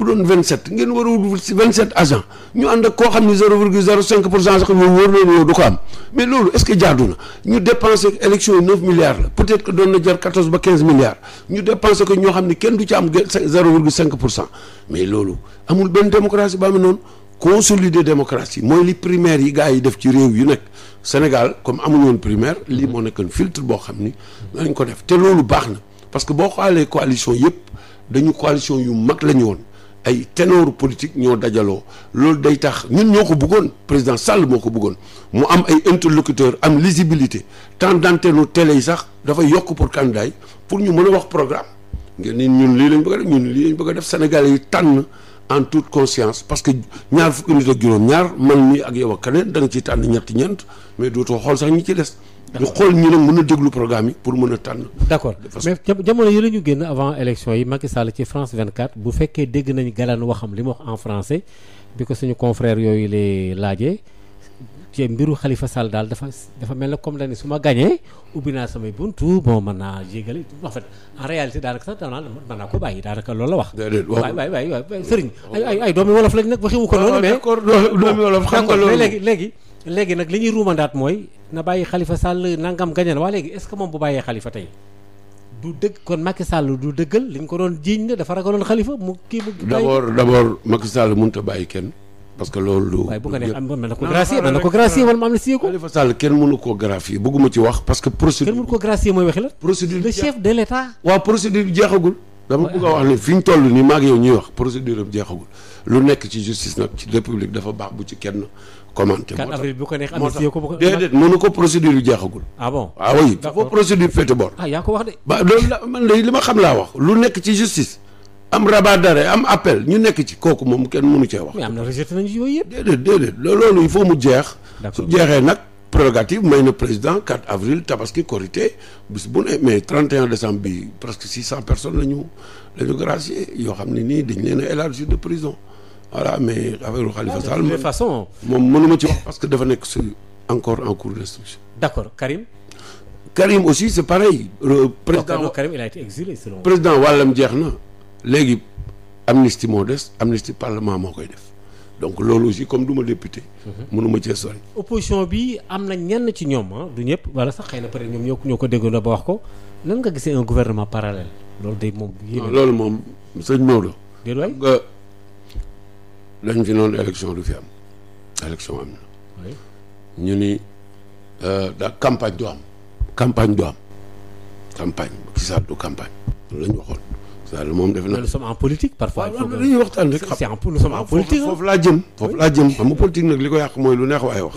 bu doon vingt sept ngeen war a wut si vingt sept agent ñu ànd ak koo xam ne zéro virgule zéro cinq pour cent sax moom wóor na yow du ko am mais loolu est ce que jaadu na ñu dépensé élection yi neuf la peut être que doon na jar quatorze ba quinze milliards ñu dépensé ko kenn du am zéro virgule pour cent mais loolu amul benn démocratie ba amee noonu consolider démocratie mooy li primaire yi gars yi def ci réew yu nekk Sénégal comme amuñu woon primaire lii moo nekk nekkoon filtre boo xam ni dañ ko def te loolu baax na parce que boo xoolee coalition yëpp dañu coalition yu mag la ñu woon ay tenoor politique ñoo dajaloo loolu day tax ñun ñoo ko bëggoon président Sall moo ko bëggoon mu am ay interlocuteur am lisibilité temps d'antenne télé yi sax dafay yokk pour candidat yi pour ñu mën a wax programme ngeen ni ñun lii lañ bëgg def ñun lii bëgg a def Sénégalais yi tànn en toute conscience parce que ñaar fukki nit ak juróom ñaar man mi ak yow ak keneen da nga ciy tànn ñetti ñeent mais dootoo xool sax ñi ci des ñu xool ñu ne mën a déglu programme yi pour mën a tànn. d' jamono yi la ñu génn avant élection yi Macky ci France 24 bu fekkee dégg nañ galaan waxam li mu wax en français bi ko suñu confrère yooyu lay laajee ci mbiru Khalifa Sall daal dafa dafa mel ne comme dañ ne su ma gagné ubbi naa samay buntu moo mën naa jéegale en fait en réalité daanaka sax daan naa mën naa ko bàyyi daanaka loolu la wax. déedéet waaw waay waay waay sëriñ. ay ay doomi léegi nag li ñuy ruumandaat mooy na bàyyi xalifa Sall nangam gañe na waa léegi est-ce que moom bu bàyyee Khalifa tey du dëgg kon Macky Sall du dëggal li ñu ko doon jiiñ na dafa ragaloon xalifa mu kii mu. d'abord mu Macky Sall mënut a bàyyi kenn parce que loolu. du waaye bu ko ko gracier mën na mu wax parce que. procédure kenn mënu ko gracier mooy waxi la. procédure le fi ñu toll nii maag yow ñuy wax procédure am jeexagul lu nekk ci justice nag ci république dafa baax bu ci kenn commenté. moo tax bu ko neex amnistie ko procédure jeexagul. ah bon ah oui procédure féete bor. Ah, ba loolu la ma xam laa wax lu nekk ci justice. am rabat d'arrêt am appel ñu nekk ci kooku moom kenn mënu cee wax. mais am na rejeté nañu yooyu yëpp. déedéet déedéet loolu il faut mu jeex. su jeexee nag prérogative may na président 4 avril tabaski korité bis bu ne mais 31 décembre bi presque 600 personnes la ñu la ñu yoo xam ne nii dañ leen a de prison. voilà mais affaire Khalifa Sall. de toute façon moom mënu ci wax parce que dafa nekk su encore en cours d'instruction. d'accord Karim. Karim aussi c'est pareil. président non Karim il a été exilé selon. président wàllam jeex na léegi amnistie moo des amnistie parlement moo koy def donc loolu aussi comme du ma député. Mhm. mënuma cee sori. opposition bi am na ñenn ci ñoom ah du ñëpp wala sax xëy na peut ñoom ñoo ñoo ko déggoon ba wax ko nan nga gise un gouvernement parallèle loolu day moom. loolu moom sëñ moo déedéet dañ fi noonu élection du am élection am ñu ni euh, daa campagne du am campagne du am campagne Macky Sall du la ñu waxoon Sall moom def na nous sommes en politique parfois dañuy waxtaan rek xam nous sommes foofu laa jëm foofu laa jëm xam nga nag li ko yàq mooy lu neex waaye wax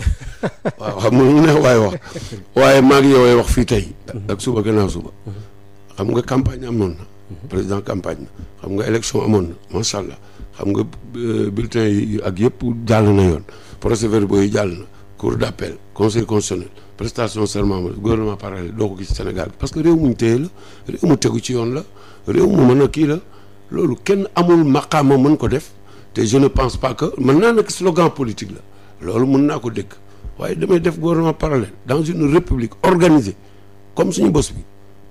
waaw xam nga lu neex waaye wax waaye maa ngi yow wax fii tey ak suba gannaaw suba mhm. xam nga campagne amoon na mhm. président campagne na xam nga élection amoon na macha xam nga euh, bulletin yi ak yëpp jàll na yoon procès verbaux yi jàll na cour d' appel conseil constitutionnel prestation serment gouvernement parallèle doo ko gis Sénégal parce que réew muñ téye la réew mu tegu ci yoon la réew mu mën a kii la loolu kenn amul maqaama mën ko def te je ne pense pas que mën naa nag slogan politique la loolu mën naa ko dégg waaye damay def gouvernement parallèle dans une république organisée comme suñu bos bi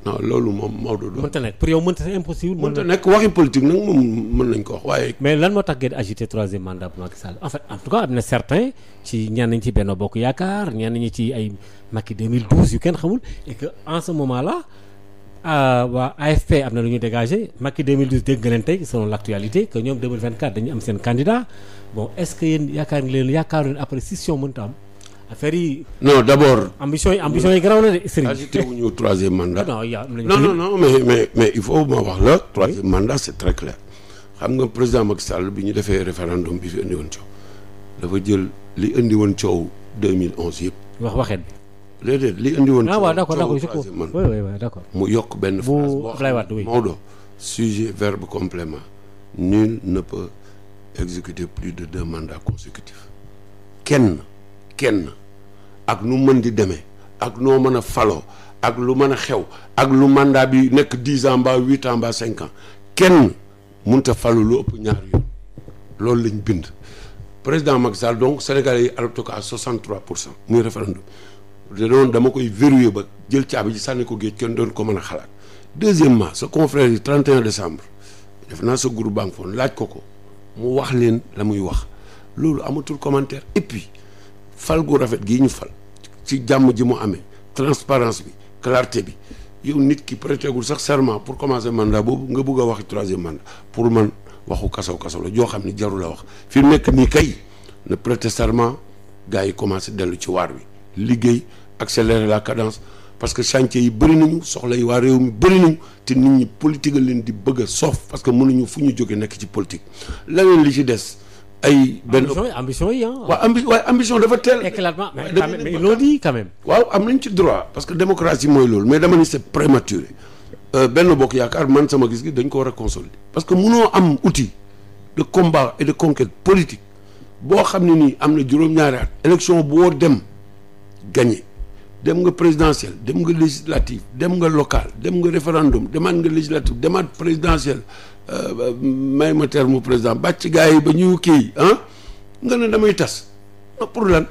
non loolu moom Maodo du. mënta nekk pour yow mënta c'est impossible. mënta nekk waxi politique nag moom mën nañ ko waaye. mais lan moo tax ngeen agité troisième mandat bu Macky Sall en fait en tout cas am na certains ci ñenn ñi ci Benno Bokk Yaakaar ñenn ñi ci ay Macky ki yu kenn xamul et que en ce moment là euh, waa AFP am na lu ñu dégagé Macky 2012 dégg nga leen tey selon l' actualité que ñoom dañu am seen candidat bon est ce que yaakaar nga leen yaakaaru leen après scission mënta am. affaire yi. non abord. ambition yi ambition yi garaaw na de Serigne. agité wu ñu troisième mandat. non non non mais mais mais il faut ma wax la. troisième mandat c' est très clair. xam nga président ma Sall bi ñu defee référendum bi fi indi woon coow jël li indi woon coow 2011 yëpp. wax waxet bi. déedéet li indi woon. ah waaw d' accord d' accord troisième mandat d' accord. mu yokk benn phrase boo xam ne Maodo sujet verbe complément nul ne peut exécuter plus de deux mandats consécutifs kenn kenn. ak nu mën di demee ak noo mën a faloo ak lu mën a xew ak lu mandat bi nekk dix ans mbaa huit ans mbaa cinq ans kenn mënta falu lu ëpp ñaari yoon loolu lañ bind président Macky Sall donc sénégalais yi adopté ko à 63 pour cent muy référendum te doon dama koy verrouiller ba jël caabi ji sànni ko géej kenn doon ko mën a xalaat deuxièmement sa confrère yi 31 décembre def naa sa groupe banque foon laaj ko ko mu wax leen la muy wax loolu amatul commentaire et fal gu rafet gii ñu fal ci jàmm ji mu amee transparence bi clarté bi yow nit ki prêtégul sax serment pour commencer mandat boobu nga bëgg a wax troisième mandat pour man waxu kasaw kasaw la joo xam ne jarul la wax fi mu nekk nii kay na prêter serment gars yi commencé dellu ci waar wi liggéey accélérer la cadence parce que chantier yi bëri nañu soxla yi waa réew mi bëri nañu te nit ñi politique a leen di bëgg a soof parce que mënuñu fu ñu jóge nekk ci politique leneen li ci des ay benn ambition yi waaw ambi waaye ambition dafa teel éclatement mais ils l'ont dit quand même waaw am nañ ci droit parce que démocratie mooy loolu mais dama ni c'est prématuré euh, benn bokk yaakaar man sama gis gi dañ ko war a consolider parce que munoo am uti de combat et de conquête politique boo xam ne nii am na juróom-ñaari at élection boo dem gagné dem nga présidentielle dem nga législative dem nga local dem nga référendum demaat nga législative demaat présidentielle Euh, may ma terme mu président bàcc gars yi ba ñu wukkee ah nga ne damay tas non pour lan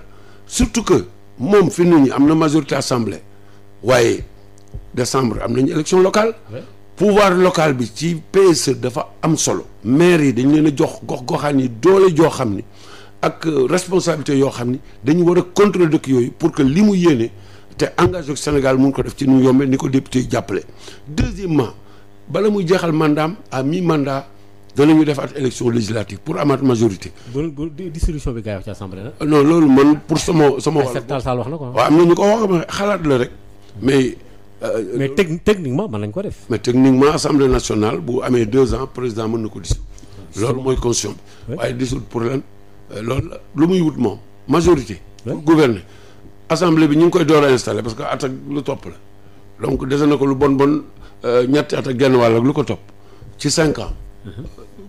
surtout que moom fi nit ñi am na majorité assemblée waaye décembre am nañu élection locale. pouvoir local bi ci PSE dafa am solo. maire yi dañ leen a jox gox goxaan yi doole joo xam ni ak euh, responsabilité yoo xam ni dañu war a contrôler dëkk yooyu pour que li mu yéene te engagé Sénégal mun ko def ci nu mu yombee ni ko député jàppale deuxièmement bala muy jeexal mandaam à mi mandat danañu def at élection législative pour amaat majorité. bu bu dissolution bi gaa wax ci assemblée loolu man pour sama sama. wàllu wax na ko waaw am na ko wax xalaat la rek mais. Euh, mais techniquement mën nañu ko def. mais techniquement assemblée nationale bu amee deux ans président mën na ko dissoudre. loolu mooy constitution bi. waaye dissoudre pour lan euh, loolu lu muy wut moom majorité. pour gouverner assemblée bi ñu ngi koy door a installé parce que at ak lu topp la donc dese na ko lu bon bon. Euh, ñetti at ak genn wàll ak lu ko topp ci cinq ans mhm.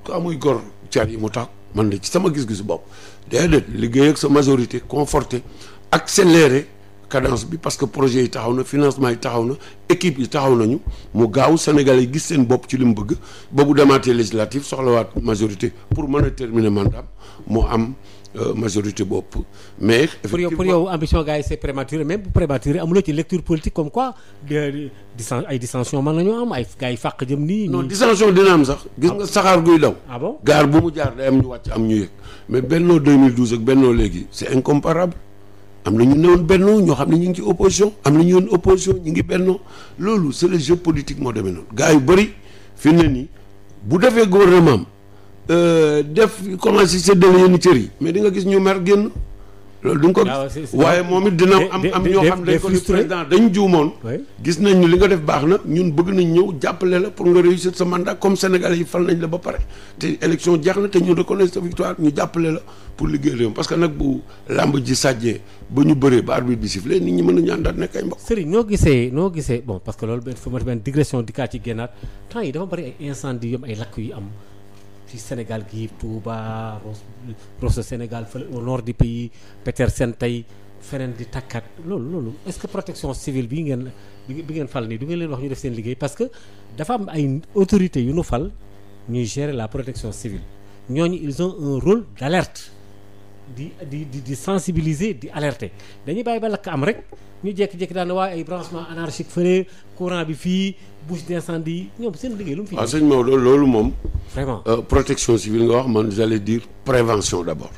ku amuy gor car yi mu tax man de ci sama gis-gisu bopp déedéet liggéey ak sa majorité conforté accéléré cadence bi parce que projet yi taxaw na financement yi taxaw na équipe yi taxaw nañu mu gaaw Sénégal yi gis seen bopp ci li mu bëgg ba bu demaatee législative soxlawaat majorité pour mën a terminer mandat mu am Euh, majorité bopp mais. effectivement pour yow ambition gars yi c'est prématuré même bu prématuré amuloo ci lecture politique comme quoi dissension ay dissension mën nañoo am ay gars yi fàq jëm nii. non dissension dina am sax. gis nga ah saxaar guy daw. Ah gaar bu mu jaar day am ñu wàcc am ñu yëg mais bennoo 2012 ak bennoo léegi c'est incomparable. am na ñu newoon bennoo ñoo xam ne ñu ngi ci opposition am na ñu woon opposition ñu ngi bennoo loolu c'est le jeu yu bëri fi mu ne nii bu defee Euh, def commencé séddale yenn cër yi mais di nga gis ñu mer génn loolu du nga ko ah, waaye moom it dina am am ñoo xam dañ ko ni président dañ juumoon gis nañ ñu li nga def baax na ñun bëgg nañ ñëw jàppale la pour nga réussir sa mandat comme Sénégalais yi fal nañ la ba pare te élection jeex na te ñu reconnaître victoire ñu jàppale la pour liggéey réew parce que nag bu làmb ji sàjjee ba ñu bëree ba arbitre bi sifflé nit ñi mën nañu àndaat nekk ay mbokk Serigne noo gisee noo gisee bon parce que loolu benn fa ma benn am ci Sénégal gii Touba Rosso Sénégal fële nord du pays Petersen tey feneen di takkat loolu loolu est-ce que protection civile bi ngeen bi ngeen fal nii du ngeen leen wax ñu def seen liggéey parce que dafa am ay autorités yu nu fal ñuy gérer la protection civile ñooñu ils ont un rôle d'alerte di di di di sensibiliser di alerte dañuy bàyyi ba lakk am rek ñu jékki-jékki daal ne waaye ay branchement anarchique fële courant bi fii bouche d'incendie ñoom seen liggéey lu mu fi. waaw ah, sëñ Maodo loolu moom. vraiment euh, protection civile nga wax man j'allais dire prévention d'abord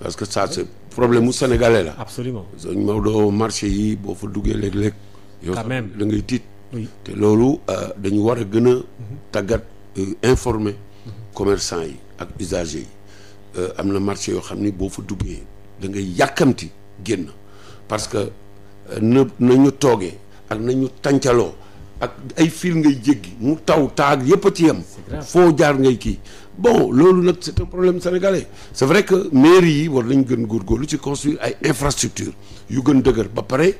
parce que ça c'est problème mu sénégalais la. absolument sëñ Maodo marché yi boo fa duggee léeg-léeg. yow sax da ngay tiit. te loolu euh, dañu war a gën a mhm. taggat euh, informer mhm. commercant yi ak usagers yi. am na marché yoo xam ni boo fa duggee da ngay yàkkamti génn parce que euh, na na ñu toogee ak na ñu tàncaloo ak ay fil ngay jéggi mu taw taag yépp a ci yem foo jaar ngay kii bon loolu nag c'est un problème sénégalais c'est vrai que mairie yi war nañ gën lu ci construire ay infrastructures yu gën dëgër ba pare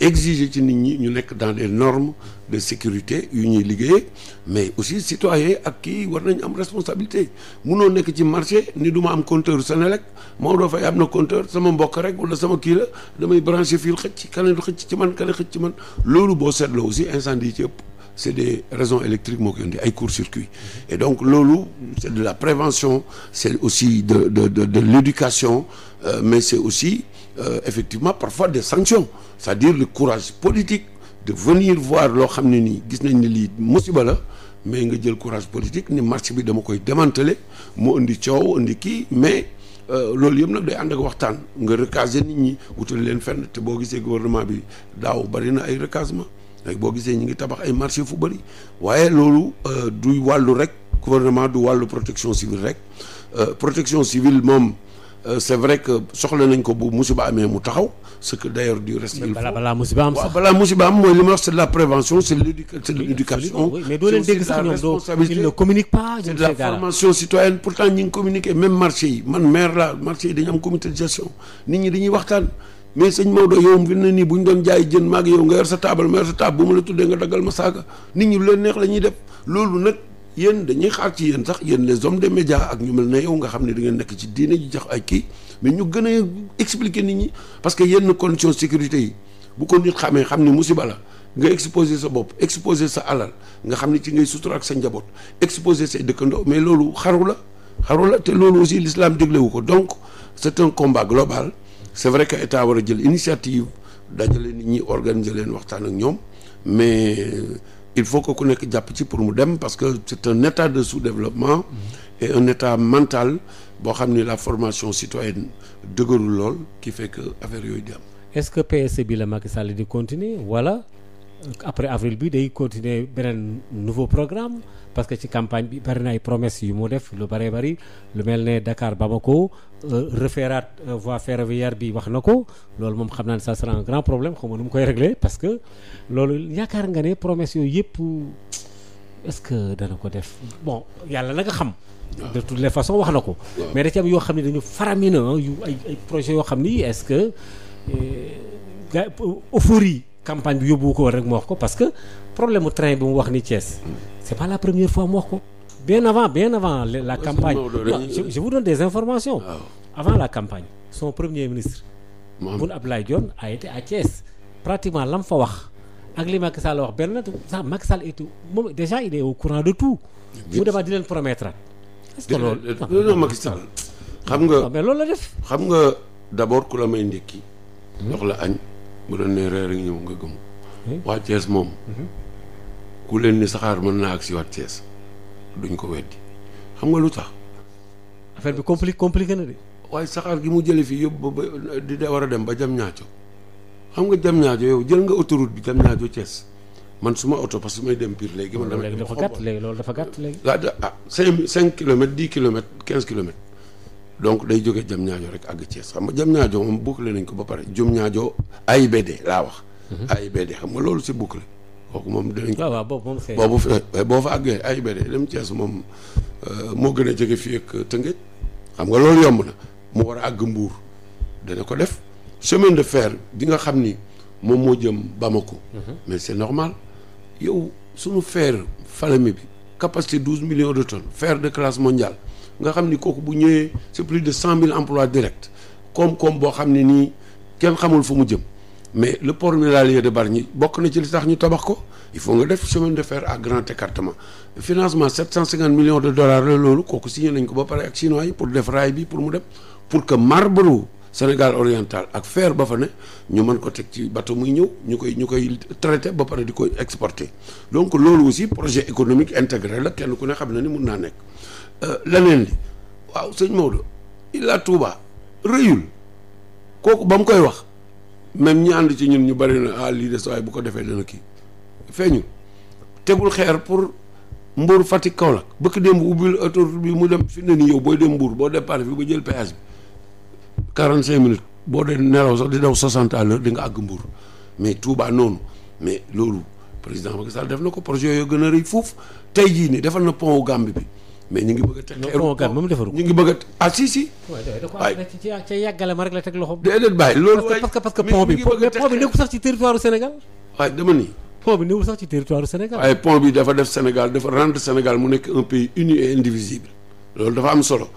exiger ci nit ñi ñu nekk dans des normes de sécurité yu ñuy liggéey mais aussi citoyen ak kii war nañ am responsabilité mu munoo nekk ci marché ni du ma am compteur Senelec moom doo fay am na compteur sama mbokk rek wala sama kii la damay branché fil xëcc kane du xëcc ci man kane xëcc ci man loolu boo seetloo aussi incendie yi ci ëpp c'est des raisons électriques moo koy indi ay court-circuit et donc loolu c'est de la prévention c'est aussi de de de, euh, c'est aussi euh, effectivement parfois des sanctions c'est-à-dire le courage politique de venir voir loo xam ne nii gis nañ ne lii musiba la mais nga jël courage politique ni marché bi dama koy démanteler mu indi coow indi kii mais euh, loolu yëpp nag day ànd ak waxtaan nga recaser nit ñi wutal leen fenn te boo gisee gouvernement bi daaw bari na ay recasement léegi boo gisee ñu ngi tabax ay marché fu bëri waaye loolu euh, du wàllu rek gouvernement du wàllu protection civile rek euh, protection civile moom Euh, c'est vrai que soxla nañ ko bu musiba amee mu taxaw ce que d'ailleurs du reste il faut balaa balaa musiba am sax balaa musiba am mooy li ma wax c'est la prévention c'est l'éducation mais doo leen c'est la formation citoyenne pourtant ñi ngi communiquer même marché yi man maire la marché yi dañu am comité nit ñi dañuy waxtaan mais sëñ Maodo yow yow nga yor sa taabal ma yor sa taab bu ma la tuddee nga daggal ma nit ñi leen neex la def loolu nag yéen dañuy xaar ci yéen sax yéen les hommes de média ak ñu mel yow nga xam ne da ngeen nekk ci diine ji jox ay kii mais ñu gën a expliquer nit ñi parce que yenn condition sécurité yi bu ko nit xamee xam ne musiba la nga exposer sa bopp exposer sa alal nga xam ne ci ngay sutura ak sa njaboot exposer say dëkkandoo mais loolu xaru la xaru la te loolu aussi l'islam déglewu ko donc c'est un combat global c'est vrai que état war a jël initiative dajalee nit ñi organiser leen waxtaan ak ñoom mais il faut que ku nekk jàpp ci pour mu dem parce que c'est un état de sous-développement et un état mental boo xam ni la formation citoyenne dëgërul lool qui fait que affaire yooyu di am est-ce que PSE bi la Macky Sall di continuer wala après avril bi day continuer beneen nouveau programme parce que ci campagne bi bari na ay promesses yu mu def lu bëree bari lu mel ne dakaar ba Dakar ko euh, refeeraat euh, voie ferroviaire bi wax na ko loolu moom xam naa ne ça sera un grand problème xam nga nu mu koy régler parce que loolu yaakaar nga ne promesses yooyu yëpp est-ce que dana ko def bon yàlla na nga xam. de toutes les façons wax na ko. mais da ci yoo xam ne dañu faramineux yu ay ay projets yoo xam ni est-ce que euh, euphorie. campagne bi yóbbu ko woon rek mu wax ko parce que problème mu train bi mu wax ni Thiès c' est pas la première fois mu wax ko bien avant bien avant la campagne je vous donne des informations ah. avant la campagne son premier ministre Boun Abdallah Dionne a été à Thiès pratiquement la lam fa wax ak li Macky la wax benn sax Macky Sall et tout moom déjà il est courant de tout mu demaat di leen promettre est-ce que loolu non Macky xam nga mais loolu la def xam nga d'abord ku la may ndékki jox la añ bu doon ne reer a ngi ñëw nga gëm waa Thiès moom mhm. ku leen ni saxaar mën naa ak si waat Thiès duñ ko weddi xam nga lu tax affaire bi compliqué compliqué na de waaye saxaar gi mu jële fii yóbbu ba di war a dem ba jam ñaaco xam nga jam ñaaco yow jël nga autoroute bi jam ñaaco Thiès man su ma oto parce que may dem biir léegi man damay dafa gàtt léegi loolu dafa gàtt léegi ah cinq cinq kilomètres dix kilomètres quinze kilomètres donc day jóge jam ñaajo rek àgg Thiès xam nga jam ñaajo moom bouclé nañ ko ba pare jam ñaajo AIBD laa wax mhm. AIBD xam nga loolu si bouclé kooku moom dinañ waaw waaw boobu moom boobu fi eh, boo fa àggee AIBD dem Thiès moom euh, moo gën a jóge fii ak Tëngéej xam nga loolu yomb na mu war a àgg Mbuur dana ko def semaine de fer bi nga xam ni moom moo jëm Bamako mhm. mais c'est normal yow suñu fer Falémé bi capacité douze millions de tonnes fer de classe mondial nga xam ni kooku bu ñëwee c'est plus de cent mille emplois direct koom-koom boo xam ne nii kenn xamul fu mu jëm mais le port minéralier de Bargny bokk na ci li sax ñu tabax ko il faut nga def chemin de fer à grand écartement financement 750 millions de dollars la loolu kooku signé nañ ko ba pare ak chinois yi pour def raay bi pour mu dem pour que marbre Sénégal oriental ak fer ba fa ne ñu mën ko teg ci bateau muy ñëw ñu koy ñu koy traité ba pare di koy exporté donc loolu aussi projet économique intégré la kenn ku ne xam na ni mun naa nekk Euh, leneen li waaw sëñ Maodo Ila Touba rëyul kooku ba mu koy wax même ñi ànd ci ñun ñu bari na ah lii de waaye bu ko defee dana kii feeñu tegul xeer pour Mbour Fatick Kaolack bëkk démb ubbil autoroute bi mu dem fi ne nii yow booy dem Mbour boo départ fi ba jël péage bi 45 minutes boo dee nelaw sax di daw 60 à l'heure di nga àgg Mbour mais Touba noonu mais loolu président Macky Sall def na ko projet yooyu gën a rëy foofu tey jii nii defal na pont Gambie bi. mais ñu ngi bëgg a teg xeeru kooku moom defaru ñu ngi bëgg a ah si si. waay ca yàggale ma rek la teg bi pont sax ci territoire Sénégal. Sénégal. waaye pont bi dafa def Sénégal dafa rendre Sénégal mu nekk un pays uni et indivisible. loolu dafa am solo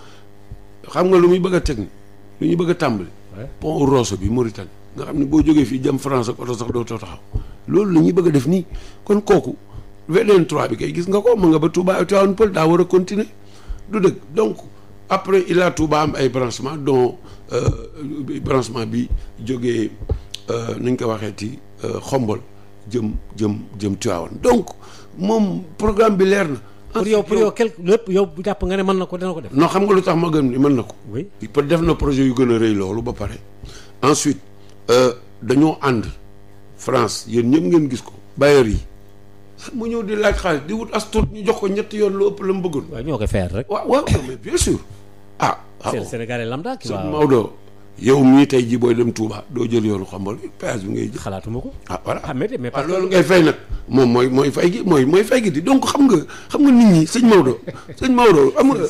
xam nga lu muy bëgg a teg ni lu ñuy bëgg a tàmbali. pont rose bi Mauritanie nga xam ne boo jógee fii jëm France ak oto sax doo taxaw loolu la ñuy bëgg a def nii kon kooku VDN 3 bi kay gis nga ko mu nga ba Touba Tivaouane Peulh daa war a continuer du dëgg donc après il a Touba am ay branchement dont euh, branchement bi jógee euh, nañ ko waxee ci xombol euh, jëm jëm jëm Tivaouane donc moom programme bi leer na. pour yow pour yow quelque lépp yow jàpp nga ne mën na ko dana ko def. non xam nga lu tax ma gëm ni mën na ko. oui def na projet yu gën a loolu ba pare. ensuite dañoo ànd France yéen ñëpp ngeen gis ko bailleurs yi. mu ñëw di laaj xaalis di wut as tuut ñu jox ko ñetti yoon lu ëpp la mu bëggoon. waaw ñoo ko faire rek. waaw waaw mais bien sûr. ah waaw ah, c'est le Sénégalais lambda qui yow mii tey jii booy dem tuubaa doo jël yoonu xambal péage bi ngay jël. xalaatuma ko ah voilà ah, mais mais loolu ngay fay nag moom mooy mooy fay gi mooy mooy fay gi di donc xam nga xam nga nit ñi sëñ Maodo sëñ Maodo am nga.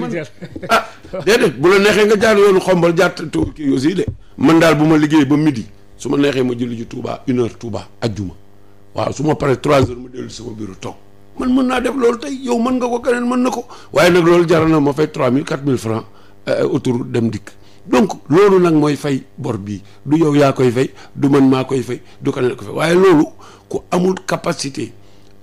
man ah déedéet bu la neexee nga jaar yoonu xombal jaar kii aussi de man daal bu ma liggéey ba midi su ma neexee ma julli ji Touba une heure Touba waaw su ma paree trois heures mu dellu sama bureau toog man mën naa def loolu tey yow man nga ko keneen mën na ko waaye nag loolu jaral na ma fay trois mille quatre mille francs euh, autour dem dikk donc loolu nag mooy fay bor bii du yow yaa koy fay du man maa koy fay du keneen ko fay waaye loolu ku amul capacité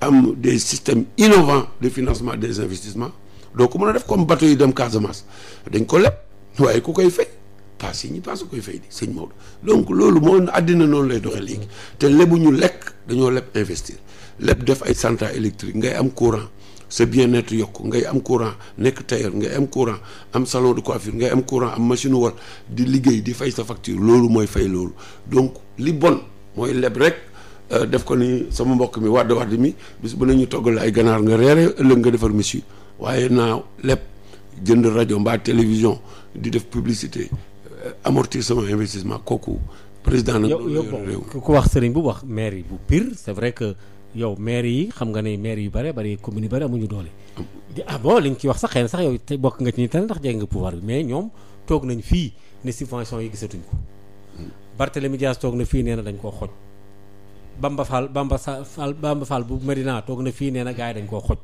am des systèmes innovants de financement des investissements doo ko mën a def comme bateau yi dem Casamance dañ ko leb waaye ku koy fay paas yi ñu paas koy fay di sëñ Maodo donc loolu moo àddina noonu lay doxee léegi te ñu lekk dañoo leb investir leb def ay centrale électrique ngay am courant sa bien-être yokk ngay am courant nekk tailleur ngay am courant am salon de coiffure ngay am courant am machine wal di liggéey di fay sa facture loolu mooy fay loolu donc li bon mooy leb rek euh, def ko ni sama mbokk mi wadd wadd mi bis bu ne ñu toggal ay ganaar nga reere ëllëg nga defar monsieur waaye naa leb jënd rajo mbaa télévision di def publicité amortir sama investissement kooku président na réew ko wax sëriñ bu wax maire yi bu pire c'est vrai que yow maire yi xam nga ne maire yu bare bari commune yu bare amuñu doole ah bon li nga ci wax sax xëy na sax yow te bokk nga ci ñi tane ndax jege nga pouvoir bi mais ñoom toog nañ fii ne subvention yi gisatuñ ko hmm. Barthélemy Dias toog na fii nee na dañ koo xoj Bamba Fall Bamba Fall Bamba Fall bu Medina toog na fii nee na gars dañ koo xoj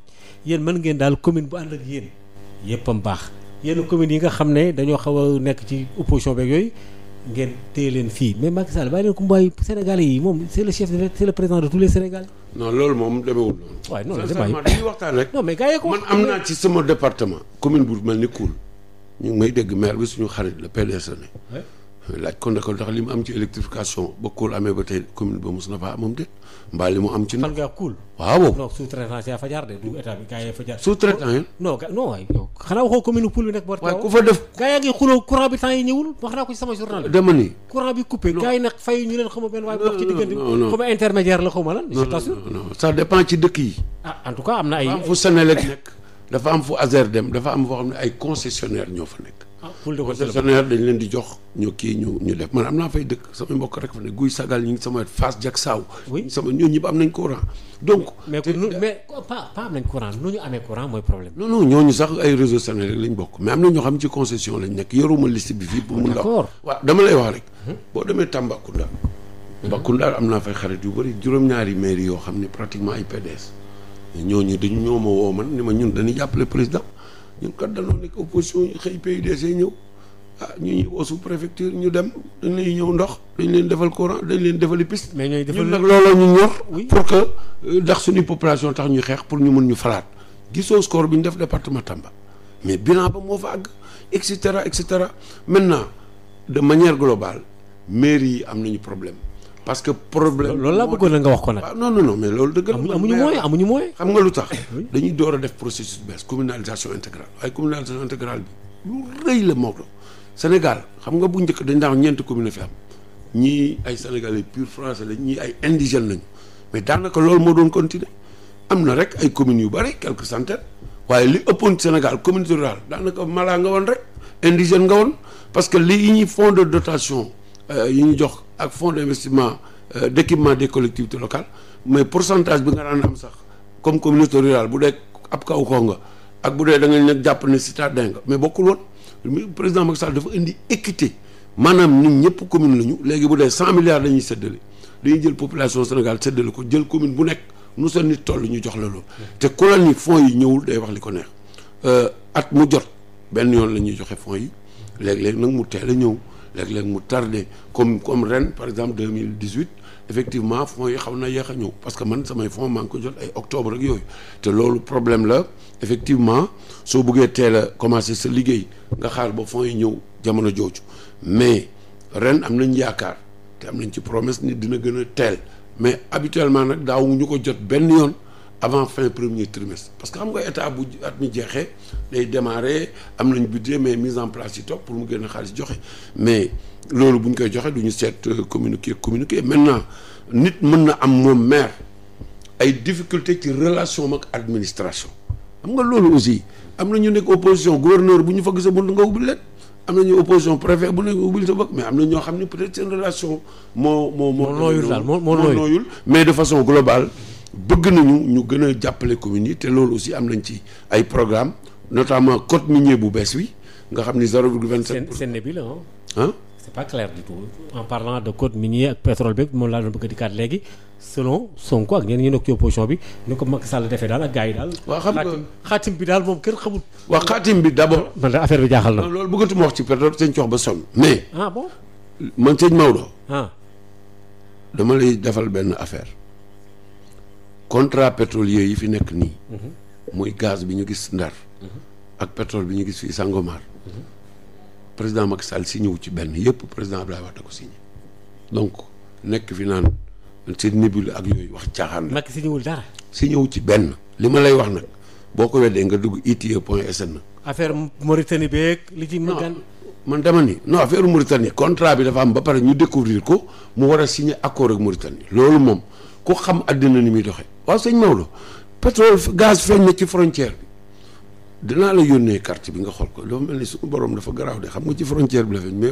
yéen mën ngeen daal commune bu ànd ak yéen baax yenn communes yi nga xam ne dañoo xaw a nekk ci opposition beeg yooyu ngeen te leen fii mais Macky Sall bàyyi leen ko mbaay yi moom c'est le chef de c'est le président de tous les Sénégalais. loolu moom demewul noonu. waaye noonu la demee dañuy waxtaan rek. non yi ko man am naa ci sama département. commune bu mel ni Koul ñu ngi may dégg maire bi suñu xarit la PDS la laaj ko ne ko ndax li mu am ci électrification ba Koul amee ba tey commune ba mos na faa amam de mbaa li mu am ci. fan nga Koul. waaw non sous-traitant yaa fa jaar de du état bi gars yi fa jaar. sous-traitant yi. non ga non waay yow xanaa waxoo commune Poul bi nekk Bor. waaw ku fa def. gars yaa ngi xuloo courant bi temps yi ñëwul wax naa ko ci sama journal. dama ni courant bi coupé. non gars yi nag fay ñu leen xam benn waaye. non non non wax ci diggante comme intermédiaire la xaw ma lan. je t'assure non non ça dépend ci dëkk yi. ah en tout cas am na ay. dafa am fu Senelec nekk dafa am fu Azer dem dafa am foo xam ne ay concessionnaire ñoo fa nekk poule de concessionnaire dañ leen di jox ñu kii ñu ñu def man am naa fay dëkk samay mbokk rek fa ne guy sagal ñu ngi sama Fass jak saaw sama ñun ñëpp am nañ courant donc mais mais pas pas am nañ courant nu ñu amee courant mooy problème non non ñu sax ay réseau Senelec lañ bokk mais am na ñoo xam ci concession lañ nekk yoruma liste bi fii pour mun la waaw dama lay wax rek mhm. boo demee Tambacounda Tambacounda am naa fay xarit yu bëri juróom-ñaari mairie yoo xam ne pratiquement ay ñooñu dañu ñoo ma woo man ni ma ñun dañuy jàppale président ñun kat dañoo nekk opposition ñu xëy PUDC ñëw ah ñu ñuy woo sous préfecture ñu dem dañ lay ñëw ndox dañ leen defal courant dañ leen defali piste. mais ñooy defal ñun nag looloo ñu ñor. pour que euh, ndax suñu population tax ñu xeex pour ñu mun ñu falaat gisoo score bi ñu def département Tamba mais bilan ba moo fa àgg et cetera et cetera maintenant de manière globale mairie yi am nañu problème. parce que problème. loolu laa bëggoon na nga wax ko nag. Ah, non non non mais loolu dëgg la. amuñu moyen amuñu moyen. xam nga lu tax ah a def processus bees communalisation intégrale waaye communalisation intégrale xam nga bu njëkk dañ daan ñeenti commune fi am ñii ay sénégalais pur français la ñii ay indigènes lañu mais daanaka loolu moo doon continuer am na rek ay commune yu bari quelques centaines waaye li ëppoon Sénégal communauté rurale daanaka malaa nga woon rek indigène nga woon parce que li yi ñuy fonds de dotation euh, yi ñu jox. ak fonds d'investissement euh, d'équipement des collectivités pour mais pourcentage bi nga daan am sax comme communauté rural bu dee ab kaw koo nga ak bu dee da nga nekk jàpp ne citadin nga mais bokkul woon président Macky Sall dafa indi équité maanaam nit ñëpp commune la ñu léegi bu dee cent milliards dañuy séddale dañuy jël population Sénégal séddale ko jël commune bu nekk nu sa nit toll ñu jox la loolu te ku la ni fonds yi ñëwul day wax li ko neex euh, at mu jot benn yoon la ñuy joxe fonds yi léeg-léeg nag mu teel a ñëw léeg-léeg mu tardé comme comme ren par exemple 2018 effectivement fonds yi xaw na yéex a ñëw parce que man samay fonds maa ngi ko jot ay octobre ak yooyu te loolu problème la effectivement soo buggee teel a commencé sa liggéey nga xaar ba fonds yi ñëw jamono jooju mais ren am nañ yaakaar te am nañ ci promesse ni dina gën a teel mais habituellement nag daawuñu ko jot benn yoon. avant fin premier trimestre parce que xam nga état bu at mi jeexee day démarrer am nañ budget mais mise en place yi toog pour mu génn xaalis joxe mais loolu bu ñu koy joxee du ñu seet euh, communiquer communiquer maintenant nit mën na am moom maire ay difficulté ci relation ak administration xam nga loolu aussi am na ñu nekk opposition gouverneur bu ñu fa gisa bunt nga ubbil leen am na ñu opposition préfet bu nekk ubbil sa bopp mais am na ñoo xam ne peut-être seen relation moo moo moo nooyul daal moo nooyul mais de façon globale bëgg nañu ñu gën a jàppale communes yi te loolu aussi am nañ ci ay programme notamment code minier bu bees bi nga xam ni 0,27 pour c'est nébuleux ah c'est pas clair du tout en parlant de code minier ak pétrole bi moom a dikkaat léegi selon Sonko ak ñeneen ci opposition bi ni ko Macky Sall defee daal ak gars yi daal waaw xam nga xaatim bi daal moom kenn xamul waaw xaatim bi d'abord man da affaire bi jaaxal na loolu bëggatuma wax ci pétrole sëñ coox ba sonn mais ah bon man sëñ Maodo ah dama lay defal benn affaire contra pétrolier yi fi nekk nii. Mhm. muy gaz bi ñu gis Ndar. Mhm. ak pétrole bi ñu gis fii Sangomar. Mhm. président Macky Sall signé wu ci benn yëpp président Abdoulaye Wade ko signé donc nekk fi naan ci nébul ak yooyu wax caaxaan la. Macky signé wul dara. signé ci benn li ma lay wax nag boo ko weddee nga dugg ITIE point SN. affaire Mauritanie beeg li ci. non man dama ni non affaire Mauritanie contrat bi dafa am ba pare ñu découvrir ko mu war a signé accord ak Mauritanie loolu moom. ku xam àddina ni muy doxee waaw sëñ Maodo pétrole gaz feeñ na ci frontière bi dinaa la yónnee carte bi nga xool ko dafa mel ni suñu borom dafa garaaw de xam nga ci frontière bi la feeñ mais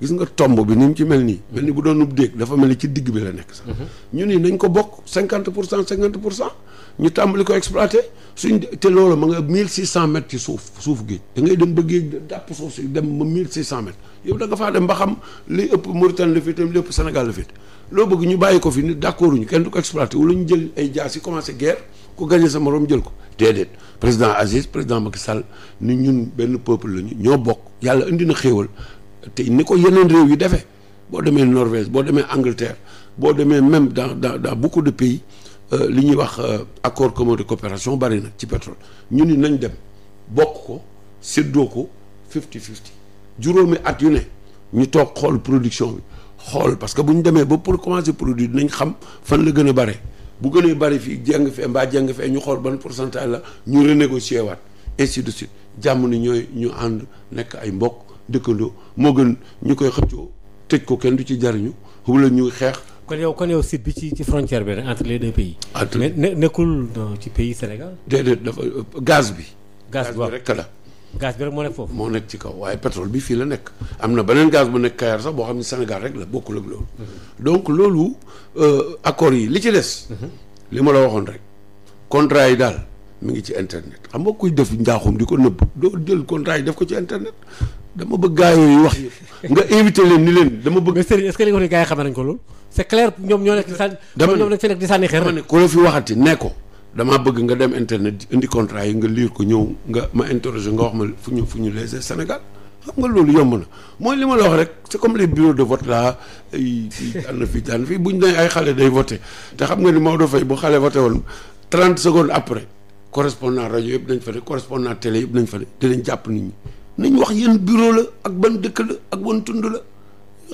gis nga tomb bi ni mu ci mel nii mel ni bu doon ub déeg dafa mel ni ci digg bi la nekk sax mhm. ñu ni nañ ko bokk cinquante pour cent cinquante pour cent ñu tàmbali ko exploité suñ te loolu ma nga 1600 mètres ci suuf suuf géej da ngay dem ba géej dàpp suuf si dem ba 1600 mètres yow da faa dem ba xam li ëpp Mauritanie la fi tam li ëpp Sénégal la fi loo bëgg ñu bàyyi ko fi ni d'accord ñu kenn du ko exploité wala ñu jël ay jaas yi commencé guerre ku gagné sa moroom jël ko déedéet président Aziz président Macky Sall ni ñun benn peuple la ñu ñoo bokk yàlla indi na xéewal te ni ko yeneen réew yi defee boo demee Norvège boo demee Angleterre boo demee même dans dans dans beaucoup de pays Euh, li ñuy wax euh, accord commun de coopération bari na ci pétrole ñu ni nañ dem bokk ko séddoo ko fifty fifty juróomi at yu ne ñu toog xool production bi xool parce que bu ñu demee ba pour commencer produit dinañ xam fan la gën a bare bu gënee bari fii jàng fee mbaa jeng fee ñu xool ban pourcentage la ñu renégocier waat ainsi de suite jàmm ni ñooy ñu ànd nekk ay mbokk dëkkandoo moo gën ñu koy xëccoo tëj ko kenn du ci jariñu wala ñuy xeex kon yow kon yow site bi ci ci frontière bi rek entre les deux pays. entre mais nekkul ci pays Sénégal. déedéet dafa gaz bi. gaz bi rek la. gaz bi rek moo nekk foofu. moo nekk ci kaw waaye pétrole bi fii la nekk am na beneen gaz bu nekk Kayar sax boo xam ne Sénégal rek la bokkul ak loolu. Mhm. donc loolu euh, accords yi li ci des. Mhm. li ma la waxoon rek contrat yi daal. mi ngi ci internet xam nga kuy def njaaxum di ko nëbb doo jël contrat yi def ko ci internet dama bëgg gars yooyu wax yëpp nga invité leen ni leen dama bëgg. mais Serigne est-ce que li nga wax ni gars yi ko ñoo nekk di sànni. dama ñoom fi nekk di sànni xeer dama ne ku la fi waxati ne ko damaa bëgg nga dem internet indi contrat yi nga liir ko ñëw nga ma interroger nga wax ma fu ñu fu ñu les Sénégal. xam nga loolu yomb na mooy li ma la wax rek c'est comme les bureaux de vote là ay daan na fi daan fii buñ ne ay xale day voté te xam nga ni Maodo Faye bu xale voté woon 30 secondes après correspondant rajo yëpp nañ fa ne correspondant télé yëpp nañ fa ne dinañ jàpp nit ñi nañ wax yenn bureau la ak ban dëkk la ak ban tund la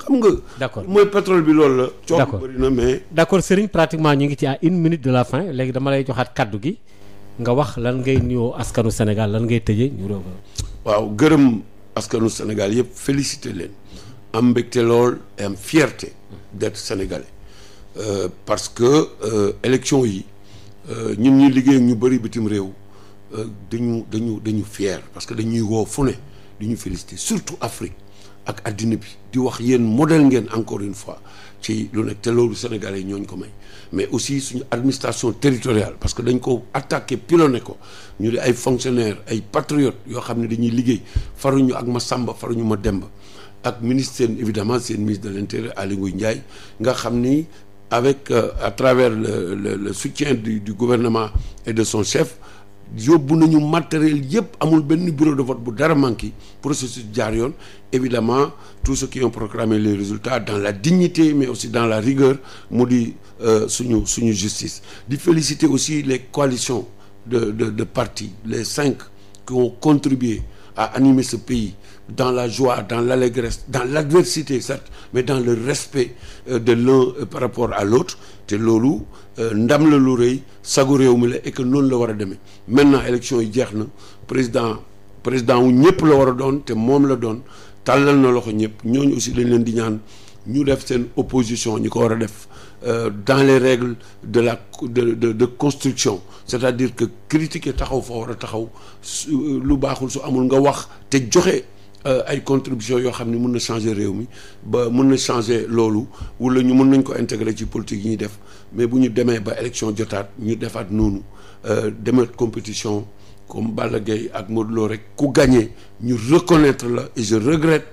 xam nga. d' accord mooy pétrole bi loolu la. d' accord na mais. d' accord pratiquement ñu ngi ci à une minute de la fin léegi dama lay joxaat kaddu gi nga wax lan ngay nuyoo askanu Sénégal lan ngay tëjee ñu doog waaw gërëm askanu Sénégal yëpp félicité leen am mbégte lool am fierté d' être euh, parce que euh, yi. Euh, ñun ñuy liggéey ñu bëri bitim réew euh, dañu dañu dañu fier parce que dañuy woo fu ne di ñu féliciter surtout Afrique ak àddina bi di wax yéen model ngeen encore une fois ci lu nekk te loolu Sénégalais yi ñooñ ko may mais aussi suñu administration territoriale parce que dañ ko attaqué pilonné ko ñu di ay fonctionnaires ay patriotes yoo xam ne dañuy liggéey faruñu ak ma Samba faruñu ma demb ak ministre seen évidemment seen ministre de l'intérieur Aly Ngouille Ndiaye nga xam ni avec euh, à travers le, le le soutien du du gouvernement et de son chef yóbbu nañu matériel yëpp amul benn bureau de vote bu dara manqué processus jaar yoon évidemment tout ceux qui ont proclamé les résultats dans la dignité mais aussi dans la rigueur mu di euh, suñu suñu justice di féliciter aussi les coalitions de de de partis les cinq qui ont contribué à animer ce pays dans la joie dans l'allégresse dans l'adversité certes mais dans le respect euh, de l'un euh, par rapport à l'autre te loolu euh, ndam la lu rëy sagu réew mi la et que noonu la war a demee maintenant élection yi jeex na président président wu ñëpp la war a doon te moom la doon tàllal na loxo ñëpp ñooñu aussi dañ leen di ñaan ñu def seen opposition ñu ko war a def euh, dans les règles de la de de de construction c'est-à-dire que critiquer taxaw fa war a taxaw lu baaxul su amul nga wax te joxe Euh, ay contribution yoo xam ne mun na changer réew mi ba mun na changer loolu wala ñu mun nañ ko intégrer ci politique yi def mais bu ñu demee ba élection jotaat ñu defaat noonu euh, demeet compétition comme Balla Gaye ak Modou rek ku gagné ñu reconnaître la et je regrette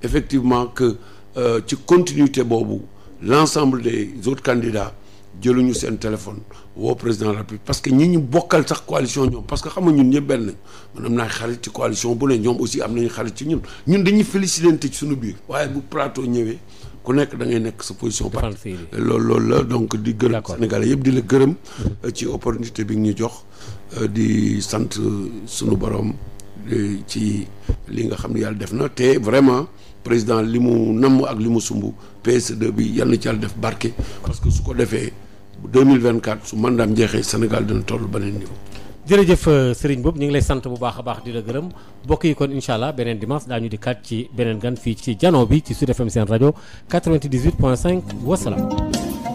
effectivement que euh, ci continuité boobu l'ensemble des autres candidats jëluñu seen téléphone woo président de parce que ñi ñu bokkal sax coalition ñoom parce que xam nga ñun ñëpp benn man am naa xarit ci coalition bu ne ñoom aussi am nañu xarit ci ñun ñun dañuy félicité ci suñu biir waaye bu plateau ñëwee ku nekk da ngay nekk sa position par loolu loolu la donc di gërëm Sénégalais yëpp di la gërëm euh, ci opportunité bi nga ñu jox euh, di sant suñu borom ci li nga xam ne yàlla def na te vraiment président li mu nam ak li mu sumb PS2 bi yal na ci yàlla def barke parce que su ko defee deux mille vingt quatre su mandaam jeexee Sénégal dina toll beneen niveau. jërëjëf euh, Serigne Bob ñu ngi lay sant bu baax a baax di la gërëm mbokk yi kon incha allah beneen dimanche daañu di kat ci beneen gan fii ci jano bi ci su FM seen rajo 98 point 5 wasalaam.